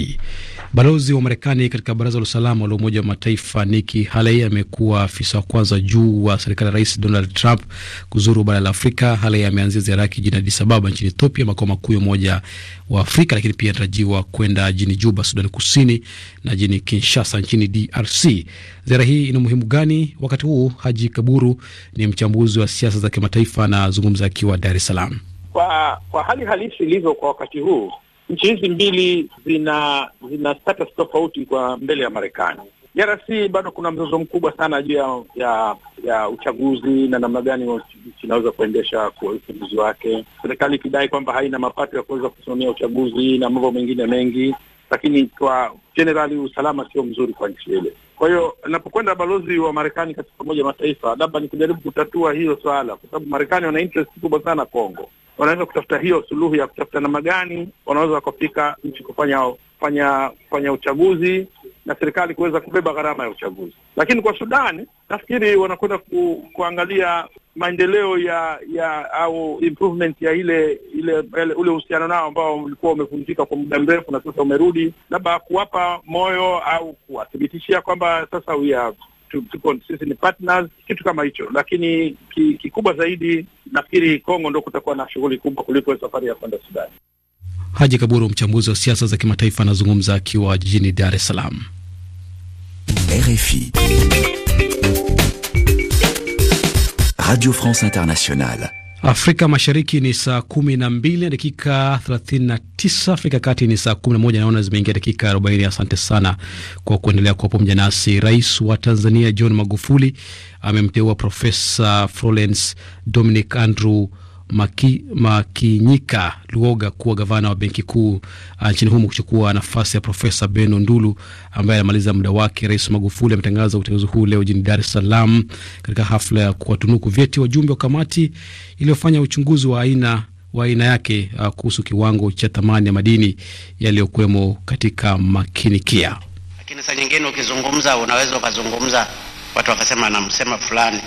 Balozi wa Marekani katika Baraza la Usalama la Umoja wa Mataifa Nikki Haley amekuwa afisa wa kwanza juu wa serikali ya Rais Donald Trump kuzuru bara la Afrika. Haley ameanzia ziara yake jijini Addis Ababa nchini Ethiopia, makao makuu ya Umoja wa Afrika, lakini pia anatarajiwa kwenda jijini Juba, Sudan Kusini, na jijini Kinshasa nchini DRC. Ziara hii ina umuhimu gani? Wakati huu Haji Kaburu ni mchambuzi wa siasa za kimataifa, anazungumza akiwa Dar es Salaam. Kwa, kwa hali halisi ilivyo kwa wakati huu nchi hizi mbili zina zina status tofauti kwa mbele ya Marekani. DRC bado kuna mzozo mkubwa sana juu ya, ya ya uchaguzi na namna gani nchi inaweza kuendesha kwa uchaguzi wake, serikali ikidai kwamba haina mapato ya kuweza kusimamia uchaguzi na mambo mengine mengi, lakini kwa generali usalama sio mzuri kwa nchi ile. Kwa hiyo napokwenda balozi wa Marekani katika Umoja wa Mataifa, labda ni kujaribu kutatua hilo swala, kwa sababu Marekani wana interest kubwa sana Kongo wanaweza kutafuta hiyo suluhu ya kutafuta namna gani wanaweza wakafika nchi kufanya fanya fanya uchaguzi na serikali kuweza kubeba gharama ya uchaguzi. Lakini kwa Sudani nafikiri wanakwenda ku, kuangalia maendeleo ya ya au improvement ya ile ile ule uhusiano nao ambao ulikuwa umevunjika kwa muda mrefu na sasa umerudi, labda kuwapa moyo au kuwathibitishia kwamba sasa we have tuko sisi ni partners, kitu kama hicho. Lakini kikubwa ki zaidi nafikiri Kongo ndo kutakuwa na shughuli kubwa kuliko safari ya kwenda Sudani. Haji Kaburu, mchambuzi wa siasa za kimataifa, anazungumza akiwa jijini Dar es Salaam. RFI Radio France Internationale. Afrika Mashariki ni saa kumi na mbili na dakika thelathini na tisa. Afrika Kati ni saa kumi na moja naona zimeingia dakika arobaini. Asante sana kwa kuendelea kuwa pamoja nasi. Rais wa Tanzania John Magufuli amemteua Profesa Florence Dominic Andrew Maki, Makinyika Luoga kuwa gavana wa benki kuu uh, nchini humo kuchukua nafasi ya Profesa Beno Ndulu ambaye anamaliza muda wake. Rais Magufuli ametangaza uteuzi huu leo jijini Dar es Salaam katika hafla ya kuwatunuku vyeti wajumbe wa kamati iliyofanya uchunguzi wa aina wa aina yake uh, kuhusu kiwango cha thamani ya madini yaliyokuwemo katika makinikia. Lakini saa nyingine ukizungumza, unaweza ukazungumza watu wakasema anamsema fulani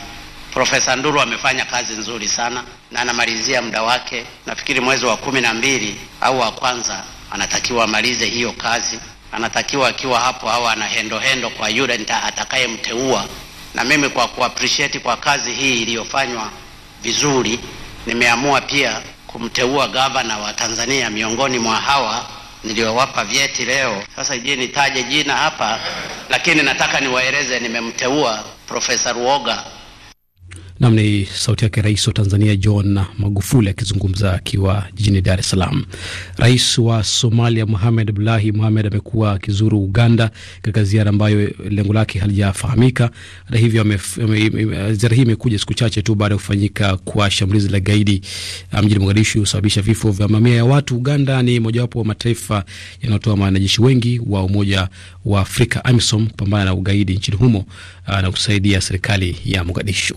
Profesa Nduru amefanya kazi nzuri sana na anamalizia muda wake, nafikiri mwezi wa kumi na mbili au wa kwanza anatakiwa amalize hiyo kazi. Anatakiwa akiwa hapo au ana hendo hendo kwa yule atakayemteua. Na mimi kwa kuappreciate kwa kazi hii iliyofanywa vizuri, nimeamua pia kumteua gavana wa Tanzania miongoni mwa hawa niliowapa vyeti leo. Sasa je, nitaje jina hapa? Lakini nataka niwaeleze nimemteua Profesa Ruoga Nam ni sauti yake rais wa Tanzania John Magufuli akizungumza akiwa jijini Dar es Salaam. Rais wa Somalia Muhamed Abdullahi Muhamed amekuwa akizuru Uganda katika ziara ambayo lengo lake halijafahamika. Hata hivyo, ziara hii imekuja siku chache tu baada ya kufanyika kwa shambulizi la gaidi uh, mjini Mogadishu kusababisha vifo vya mamia ya watu. Uganda ni mojawapo wa mataifa yanayotoa wanajeshi wengi wa Umoja wa Afrika AMISOM kupambana na ugaidi nchini humo uh, na kusaidia serikali ya Mogadishu.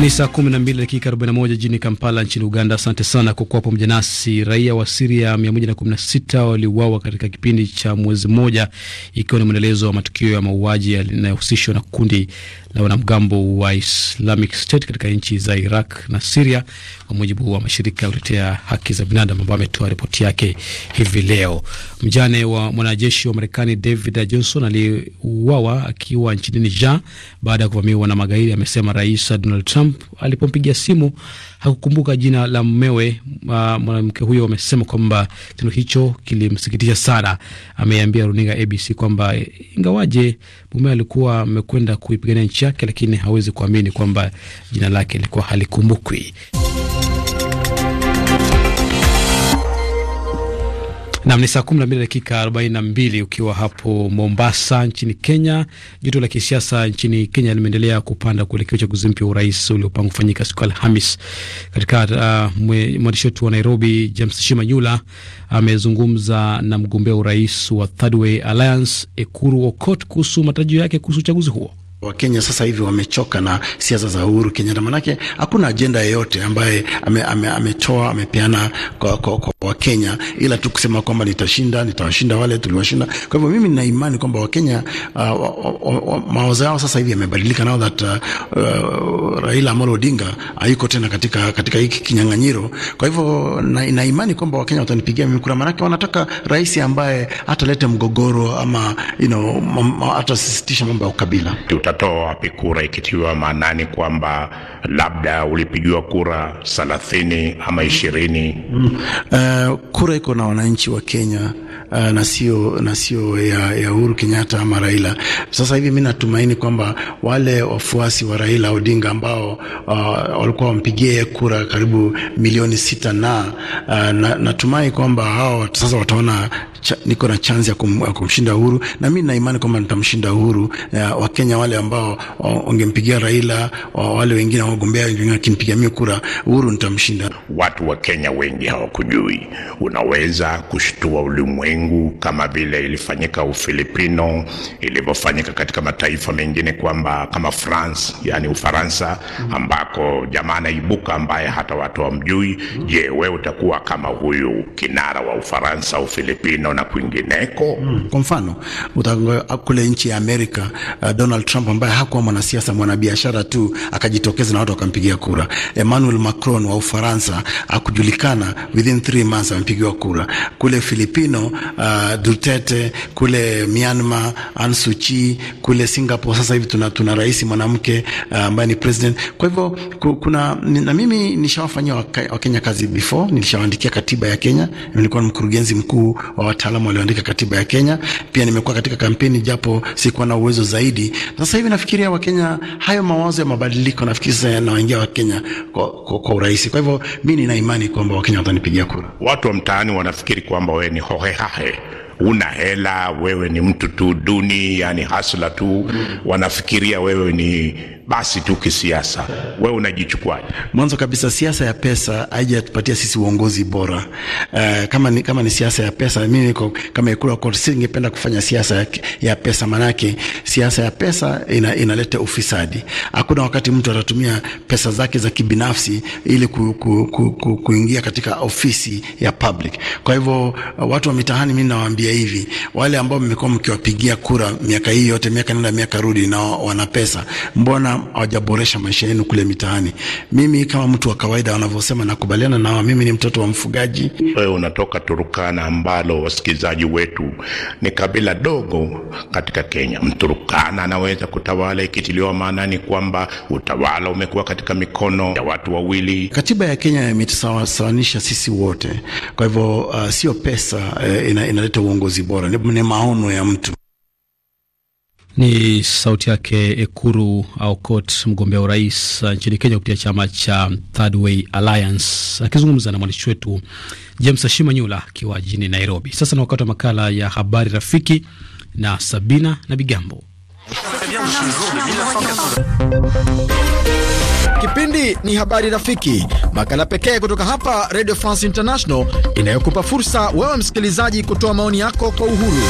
Ni saa mbili dakika 41 jijini Kampala nchini Uganda. Asante sana kwa kuwa pamoja nasi. Raia wa Siria sita waliuawa katika kipindi cha mwezi mmoja, ikiwa ni mwendelezo wa matukio ya mauaji yanayohusishwa na kundi la wanamgambo wa Islamic State katika nchi za Iraq na Siria, kwa mujibu wa mashirika ya kutetea haki za binadamu ambayo ametoa ripoti yake hivi leo. Mjane wa mwanajeshi wa Marekani David Johnson aliyeuawa akiwa nchini Niger baada ya kuvamiwa na magaidi, amesema Rais Donald Trump alipompigia simu hakukumbuka jina la mmewe. mwanamke huyo amesema kwamba kitendo hicho kilimsikitisha sana. Ameambia runinga ABC kwamba eh, ingawaje mumewe alikuwa amekwenda kuipigania nchi yake, lakini hawezi kuamini kwamba jina lake lilikuwa halikumbukwi. Nam ni saa kumi na mbili dakika arobaini na mbili ukiwa hapo Mombasa nchini Kenya. Joto la kisiasa nchini Kenya limeendelea kupanda kuelekea uchaguzi mpya wa urais uliopangwa kufanyika siku Alhamis. Katika uh, mwandishi wetu wa Nairobi, James Shimanyula amezungumza na mgombea urais wa Thirdway Alliance Ekuru Okot kuhusu matarajio yake kuhusu uchaguzi huo. Wakenya sasa hivi wamechoka na siasa za Uhuru Kenyatta, manake hakuna ajenda yeyote ambaye ametoa ame, amepeana kwa, kwa, kwa Wakenya, ila tu kusema kwamba nitashinda, nitawashinda wale tuliwashinda. Kwa hivyo mimi nina imani kwamba Wakenya uh, mawazo yao sasa hivi yamebadilika, nao that uh, uh, Raila Amolo Odinga hayuko tena katika, katika hiki kinyang'anyiro. Kwa hivyo na, na imani kwamba Wakenya watanipigia mimi kura, manake wanataka rais ambaye hatalete mgogoro ama you know, atasisitisha mambo ya ukabila Tuta utatoa wapi kura, ikitiwa maanani kwamba labda ulipigiwa kura thelathini ama ishirini? mm. Uh, kura iko na wananchi wa Kenya uh, na sio na sio ya, ya Uhuru Kenyatta ama Raila. Sasa hivi mi natumaini kwamba wale wafuasi wa Raila Odinga ambao uh, walikuwa wampigie kura karibu milioni sita na uh, natumai na kwamba hao sasa wataona cha, niko na chance ya, kum, ya kumshinda Uhuru na mi na imani kwamba nitamshinda Uhuru. Wakenya wale ambao wangempigia Raila, wale wengine wagombea wengine akimpigamia kura Uhuru nitamshinda. Watu wa Kenya wengi hawakujui, unaweza kushtua ulimwengu kama vile ilifanyika Ufilipino, ilivyofanyika katika mataifa mengine kwamba kama France, yani Ufaransa ambako jamaa anaibuka ambaye hata watu wamjui. Je, wewe utakuwa kama huyu kinara wa Ufaransa, Ufilipino Marekani na kwingineko. Mm. Kwa mfano uh, kule nchi ya Amerika, uh, Donald Trump ambaye hakuwa mwanasiasa, mwanabiashara tu, akajitokeza na watu wakampigia kura. Emmanuel Macron wa Ufaransa akujulikana, within three months amepigiwa kura. Kule Filipino, uh, Duterte, kule Myanmar, Aung Suu Kyi, kule Singapore sasa hivi tuna, tuna rais mwanamke uh, ambaye uh, ni president. Kwa hivyo kuna na mimi nishawafanyia Wakenya kazi before, nilishawaandikia katiba ya Kenya, nilikuwa mkurugenzi mkuu wa wataalamu walioandika katiba ya Kenya. Pia nimekuwa katika kampeni japo sikuwa na uwezo zaidi. Sasa hivi nafikiria Wakenya, hayo mawazo ya mabadiliko nafikiri sasa yanawaingia Wakenya kwa, kwa, kwa urahisi. Kwa hivyo mi nina imani kwamba Wakenya watanipigia kura. Watu wa mtaani wanafikiri kwamba wewe ni hohehahe una hela, wewe ni mtu tu duni, yani hasla tu mm. Wanafikiria wewe ni basi tu kisiasa, wewe unajichukuaje? Mwanzo kabisa, siasa ya pesa haijatupatia sisi uongozi bora. Uh, kama ni, kama ni siasa ya pesa, mimi niko kama Ikulu Court, singependa kufanya siasa ya, ya pesa, manake siasa ya pesa ina, inaleta ufisadi. Hakuna wakati mtu atatumia pesa zake za kibinafsi ili ku, ku, ku, ku, kuingia katika ofisi ya public. Kwa hivyo watu wa mitaani, mimi nawaambia hivi, wale ambao mmekuwa mkiwapigia kura miaka hii yote, miaka nenda miaka rudi, na wana pesa, mbona hawajaboresha maisha yenu kule mitaani. Mimi kama mtu wa kawaida wanavyosema, nakubaliana nao. Mimi ni mtoto wa mfugaji. Wewe unatoka Turukana, ambalo wasikilizaji wetu ni kabila dogo katika Kenya. Mturukana anaweza kutawala, ikitiliwa maanani kwamba utawala umekuwa katika mikono ya watu wawili. Katiba ya Kenya imetusawanisha sisi wote, kwa hivyo uh, sio pesa uh, inaleta ina uongozi bora, ni maono ya mtu. Ni sauti yake Ekuru Aukot, mgombea urais uh, nchini Kenya kupitia chama cha Third Way Alliance, akizungumza na mwandishi wetu James Ashimanyula akiwa jijini Nairobi. Sasa na wakati wa makala ya habari rafiki na Sabina na Bigambo. Kipindi ni habari rafiki, makala pekee kutoka hapa Radio France International inayokupa fursa wewe msikilizaji kutoa maoni yako kwa uhuru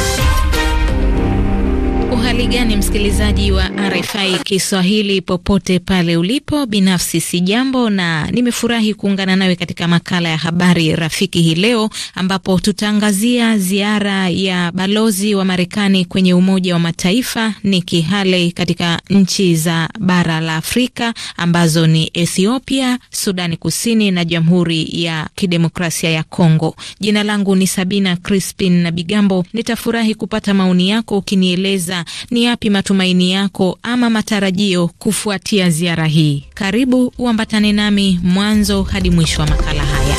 hali gani msikilizaji wa RFI Kiswahili popote pale ulipo, binafsi si jambo na nimefurahi kuungana nawe katika makala ya habari rafiki hii leo, ambapo tutaangazia ziara ya balozi wa Marekani kwenye Umoja wa Mataifa Nikki Haley katika nchi za bara la Afrika ambazo ni Ethiopia, Sudani Kusini na Jamhuri ya Kidemokrasia ya Kongo. Jina langu ni Sabina Crispin na Bigambo. Nitafurahi kupata maoni yako ukinieleza ni yapi matumaini yako ama matarajio kufuatia ziara hii? Karibu uambatane nami mwanzo hadi mwisho wa makala haya.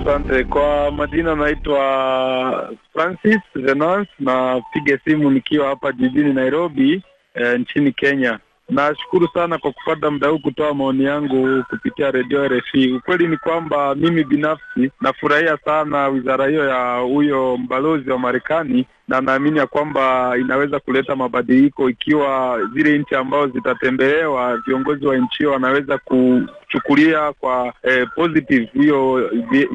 Asante. Kwa majina naitwa Francis Venance, napiga simu nikiwa hapa jijini Nairobi, e, nchini Kenya. Nashukuru sana kwa kupata muda huu kutoa maoni yangu kupitia redio RFI. Ukweli ni kwamba mimi binafsi nafurahia sana wizara hiyo ya huyo mbalozi wa Marekani, na naamini ya kwamba inaweza kuleta mabadiliko ikiwa zile nchi ambazo zitatembelewa, viongozi wa nchi hiyo wanaweza kuchukulia kwa eh, positive hiyo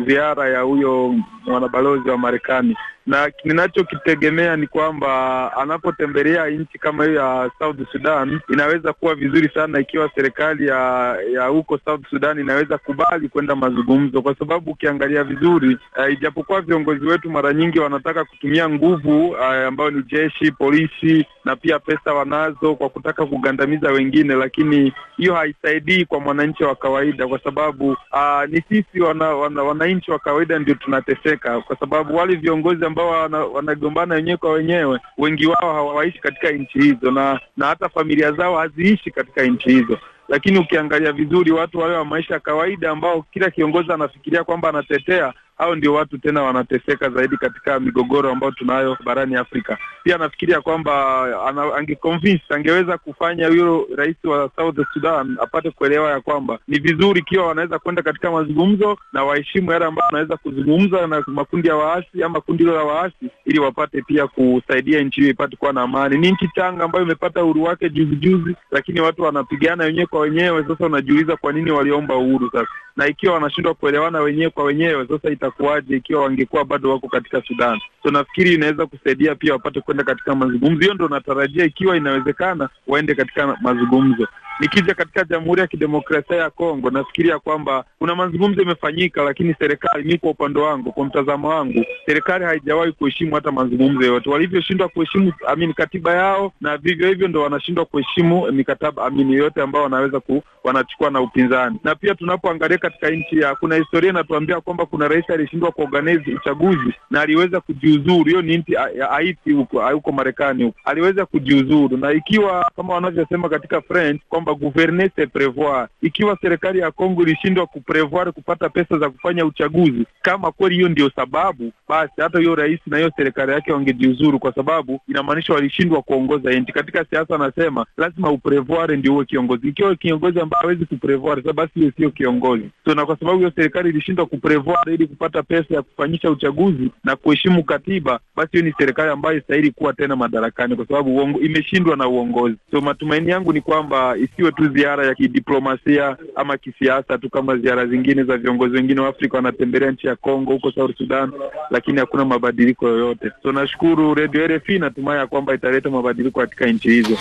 ziara ya huyo mwanabalozi wa Marekani na ninachokitegemea ni kwamba anapotembelea nchi kama hiyo ya South Sudan, inaweza kuwa vizuri sana ikiwa serikali ya ya huko South Sudan inaweza kubali kwenda mazungumzo, kwa sababu ukiangalia vizuri uh, ijapokuwa viongozi wetu mara nyingi wanataka kutumia nguvu uh, ambayo ni jeshi, polisi na pia pesa wanazo kwa kutaka kugandamiza wengine, lakini hiyo haisaidii kwa mwananchi wa kawaida, kwa sababu uh, ni sisi wananchi wana, wana wa kawaida ndio tunateseka, kwa sababu wale viongozi ambao wanagombana wenyewe kwa wenyewe, wengi wao hawaishi katika nchi hizo, na na hata familia zao haziishi katika nchi hizo. Lakini ukiangalia vizuri, watu wale wa maisha ya kawaida ambao kila kiongozi anafikiria kwamba anatetea hao ndio watu tena wanateseka zaidi katika migogoro ambayo tunayo barani Afrika. Pia nafikiria kwamba angeconvince, angeweza kufanya huyo rais wa South Sudan apate kuelewa ya kwamba ni vizuri ikiwa wanaweza kwenda katika mazungumzo na waheshimu yale ambayo wanaweza kuzungumza na makundi ya waasi ama kundi hilo la waasi, ili wapate pia kusaidia nchi hiyo ipate kuwa na amani. Ni nchi changa ambayo imepata uhuru wake juzijuzi, lakini watu wanapigana wenyewe kwa wenyewe. Sasa unajiuliza kwa nini waliomba uhuru sasa na ikiwa wanashindwa kuelewana wenyewe kwa wenyewe, sasa itakuwaje ikiwa wangekuwa bado wako katika Sudan? So nafikiri inaweza kusaidia pia wapate kwenda katika mazungumzo. Hiyo ndo natarajia, ikiwa inawezekana waende katika mazungumzo. Nikija katika Jamhuri ya Kidemokrasia ya Kongo, nafikiria kwamba kuna mazungumzo imefanyika, lakini serikali, mi kwa upande wangu, kwa mtazamo wangu, serikali haijawahi kuheshimu hata mazungumzo yoyote. Walivyoshindwa kuheshimu amini katiba yao, na vivyo hivyo ndo wanashindwa kuheshimu mikataba amini yoyote ambao wanaweza ku, wanachukua na upinzani. Na pia tunapoangalia katika nchi ya, kuna historia inatuambia kwamba kuna rais alishindwa kuorganize uchaguzi na aliweza kujiuzuru. Hiyo ni nchi ya Haiti huko huko Marekani huko, aliweza kujiuzuru, na ikiwa kama wanavyosema katika French kwamba gouverner c'est prevoir, ikiwa serikali ya Kongo ilishindwa kuprevoir kupata pesa za kufanya uchaguzi, kama kweli hiyo ndio sababu, basi hata hiyo rais na hiyo serikali yake wangejiuzuru, kwa sababu inamaanisha walishindwa kuongoza nchi. Katika siasa anasema lazima uprevoir ndio uwe kiongozi. Ikiwa kiongozi ambaye hawezi kuprevoir, basi hiyo sio kiongozi so, na kwa sababu hiyo serikali ilishindwa kuprevoir ili kupata pesa ya kufanyisha uchaguzi na kuheshimu katiba, basi hiyo ni serikali ambayo istahili kuwa tena madarakani kwa sababu uongo, imeshindwa na uongozi. So matumaini yangu ni kwamba isiwe tu ziara ya kidiplomasia ama kisiasa tu kama ziara zingine za viongozi wengine wa Afrika wanatembelea nchi ya Kongo huko South Sudan, lakini hakuna mabadiliko yoyote. So nashukuru Radio RFI, natumai ya kwamba italeta mabadiliko katika nchi hizo.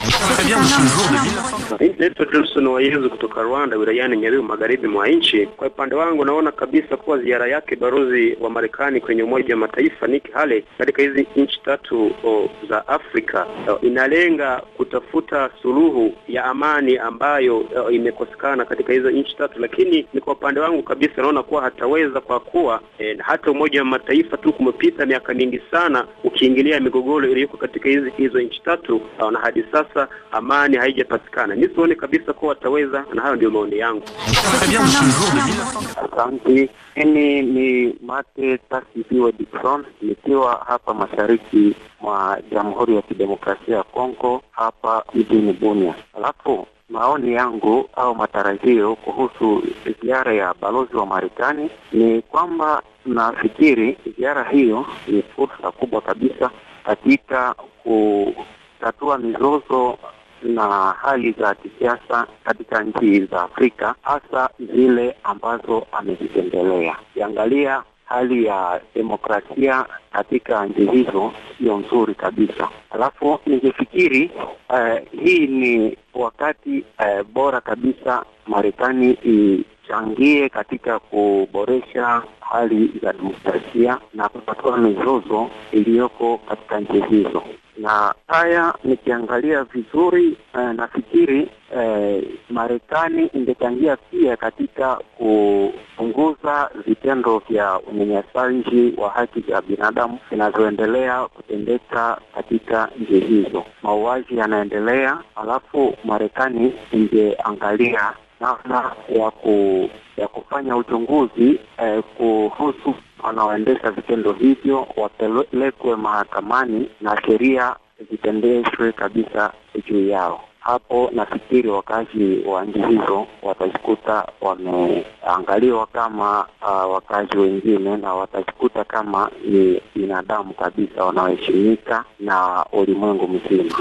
Naitwa Johnson Wayezu kutoka Rwanda, wilayani Nyabihu, magharibi mwa nchi kwa upande wangu naona kabisa kuwa ziara yake balozi wa Marekani kwenye Umoja wa Mataifa Nikki Haley katika hizi nchi tatu o, za Afrika o, inalenga kutafuta suluhu ya amani ambayo imekosekana katika hizo nchi tatu, lakini ni kwa upande wangu kabisa naona kuwa hataweza kwa kuwa e, hata Umoja wa Mataifa tu kumepita miaka mingi sana ukiingilia migogoro iliyoko katika hizi hizo nchi tatu na hadi sasa amani haijapatikana. mi sioni kabisa kuwa wataweza, na hayo ndio maoni yangu. Asante. de Mimi ni Mate Tasibiwa Dikson nikiwa hapa mashariki mwa Jamhuri ya Kidemokrasia ya Kongo hapa mjini Bunia. Alafu maoni yangu au matarajio kuhusu ziara ya balozi wa Marekani ni kwamba nafikiri ziara hiyo ni fursa kubwa kabisa katika kutatua mizozo na hali za kisiasa katika nchi za Afrika, hasa zile ambazo amezitembelea. Ukiangalia hali ya demokrasia katika nchi hizo sio nzuri kabisa. Alafu ningefikiri eh, hii ni wakati eh, bora kabisa Marekani ichangie katika kuboresha hali za demokrasia na kutatua mizozo iliyoko katika nchi hizo na haya nikiangalia vizuri uh, nafikiri uh, Marekani ingechangia pia katika kupunguza vitendo vya unyanyasaji wa haki za binadamu vinavyoendelea kutendeka katika nchi hizo. Mauaji yanaendelea, alafu Marekani ingeangalia namna ya ku ya kufanya uchunguzi eh, kuhusu wanaoendesha vitendo hivyo wapelekwe mahakamani na sheria zitendeshwe kabisa juu yao hapo nafikiri wakazi wa nchi hizo watajikuta wameangaliwa kama uh, wakazi wengine, na watajikuta kama ni binadamu kabisa wanaoheshimika na ulimwengu mzima.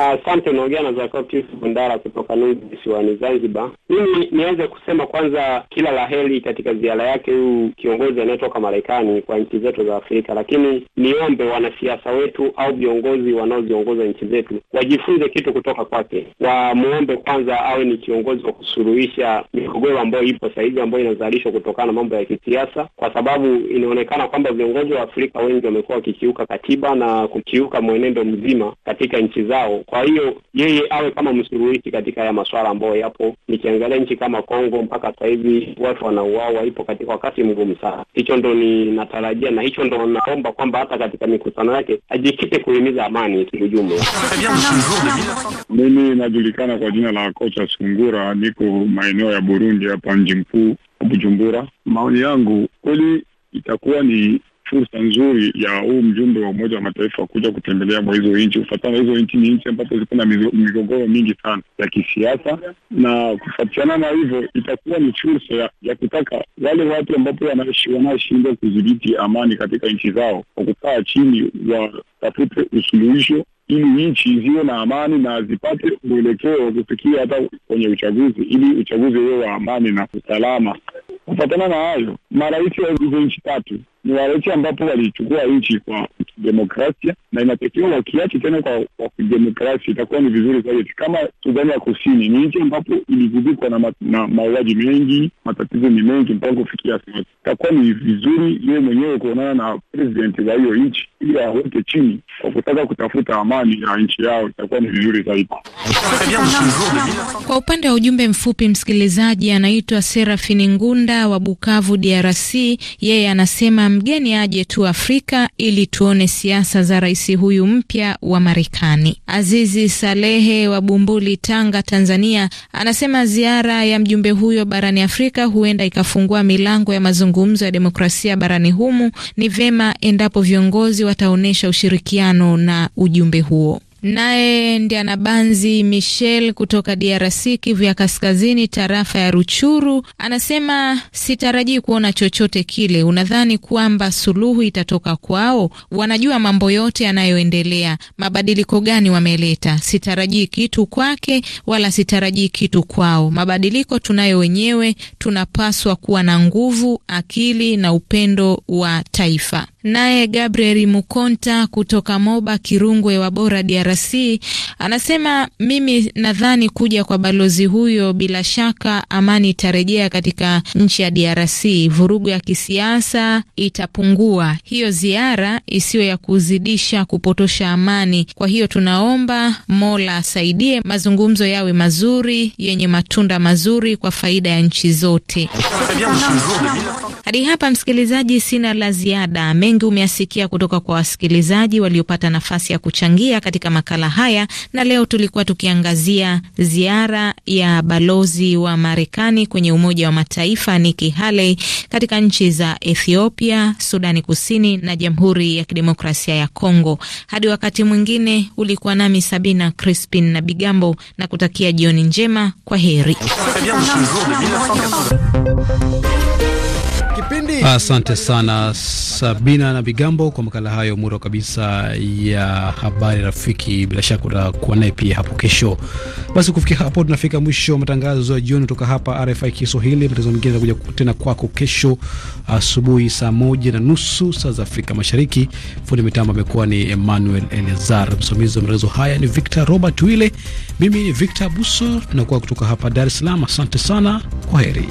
Asante. Uh, naongea na Zakatus Bundara kutoka Nui visiwani Zanzibar. Mimi nianze kusema kwanza kila la heli katika ziara yake huu kiongozi anayetoka Marekani kwa nchi zetu za Afrika, lakini niombe wanasiasa wetu au viongozi wanaoziongoza nchi zetu wajifu tujifunze kitu kutoka kwake, wamwombe kwanza awe ni kiongozi wa kusuluhisha migogoro ambayo ipo sasa hivi ambayo inazalishwa kutokana na mambo ya kisiasa, kwa sababu inaonekana kwamba viongozi wa Afrika wengi wamekuwa wakikiuka katiba na kukiuka mwenendo mzima katika nchi zao. Kwa hiyo yeye awe kama msuluhishi katika haya masuala ambayo yapo. Nikiangalia nchi kama Kongo, mpaka sasa hivi watu wanauawa, ipo katika wakati mgumu sana. Hicho ndo ninatarajia na hicho ndo naomba kwamba hata katika mikutano yake ajikite kuhimiza amani kiujumla. Mimi najulikana kwa jina la kocha Sungura, niko maeneo ya Burundi hapa mji mkuu Bujumbura. Maoni yangu kweli, itakuwa ni fursa nzuri ya huu mjumbe wa Umoja wa Mataifa kuja kutembelea kwa hizo nchi, kufatana hizo nchi ni nchi ambazo ziko na migogoro mingi sana ya kisiasa, na kufatiana na hivyo itakuwa ni fursa ya, ya kutaka wale watu ambapo wanashindwa kudhibiti amani katika nchi zao wa kukaa chini watafute usuluhisho ili nchi ziwe na amani na zipate mwelekeo kufikia hata kwenye uchaguzi, ili uchaguzi huwe wa amani na usalama. Kufatana na hayo, marais wa hizo nchi tatu ni wale ambapo walichukua nchi kwa demokrasia, na inatakiwa wakiache tena kwa, kwa demokrasia itakuwa ni vizuri zaidi. Kama Sudani ya Kusini ni nchi ambapo iligubikwa na, ma, na mauaji mengi, matatizo ni mengi mpaka kufikia sasa. Itakuwa ni vizuri yeye mwenyewe kuonana na president wa hiyo nchi ili awote chini kwa kutaka kutafuta amani ya nchi yao, itakuwa ni vizuri zaidi. Kwa upande wa ujumbe mfupi, msikilizaji anaitwa Serafini Ngunda wa Bukavu, DRC. Yeye anasema mgeni aje tu Afrika ili tuone siasa za rais huyu mpya wa Marekani. Azizi Salehe wa Bumbuli, Tanga, Tanzania, anasema ziara ya mjumbe huyo barani Afrika huenda ikafungua milango ya mazungumzo ya demokrasia barani humu. Ni vema endapo viongozi wataonyesha ushirikiano na ujumbe huo. Naye ndi anabanzi Michel kutoka DRC, Kivu ya Kaskazini, tarafa ya Ruchuru, anasema sitarajii kuona chochote kile. Unadhani kwamba suluhu itatoka kwao? Wanajua mambo yote yanayoendelea, mabadiliko gani wameleta? Sitarajii kitu kwake, wala sitarajii kitu kwao. Mabadiliko tunayo wenyewe, tunapaswa kuwa na nguvu, akili na upendo wa taifa. Naye Gabriel Mukonta kutoka Moba Kirungwe wa Bora, DRC, anasema mimi nadhani kuja kwa balozi huyo, bila shaka amani itarejea katika nchi ya DRC, vurugu ya kisiasa itapungua. Hiyo ziara isiyo ya kuzidisha kupotosha amani. Kwa hiyo tunaomba Mola asaidie mazungumzo yawe mazuri yenye matunda mazuri kwa faida ya nchi zote. Hadi hapa msikilizaji, sina la ziada. Mengi umeasikia kutoka kwa wasikilizaji waliopata nafasi ya kuchangia katika makala haya, na leo tulikuwa tukiangazia ziara ya balozi wa Marekani kwenye Umoja wa Mataifa Nikki Haley katika nchi za Ethiopia, Sudani Kusini na Jamhuri ya Kidemokrasia ya Kongo. Hadi wakati mwingine, ulikuwa nami Sabina Crispin na Bigambo na kutakia jioni njema. Kwa heri kipindi. Asante sana Sabina na Bigambo kwa makala hayo muro kabisa ya habari rafiki. Bila shaka utakuwa naye pia hapo kesho. Basi kufikia hapo, tunafika mwisho matangazo ya jioni kutoka hapa RFI Kiswahili. Matangazo mengine yatakuja tena kwako kesho asubuhi saa moja na nusu saa za Afrika Mashariki. Fundi mitambo amekuwa ni Emmanuel Elezar, msimamizi wa matangazo haya ni Victor Robert Wile, mimi ni Victor Buso, tunakuwa kutoka hapa Dar es Salaam. Asante sana, kwa heri.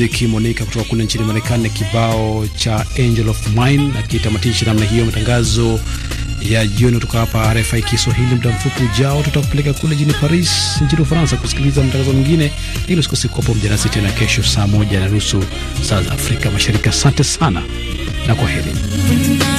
muziki Monica kutoka kule nchini Marekani na kibao cha Angel of Mine. Akitamatisha namna hiyo matangazo ya jioni kutoka hapa RFI Kiswahili. Muda mfupi ujao, tutakupeleka kule jini Paris nchini Ufaransa kusikiliza matangazo mengine, ili usikose kuwa pamoja nasi tena kesho saa moja na nusu saa za Afrika Mashariki. Asante sana na kwa heri.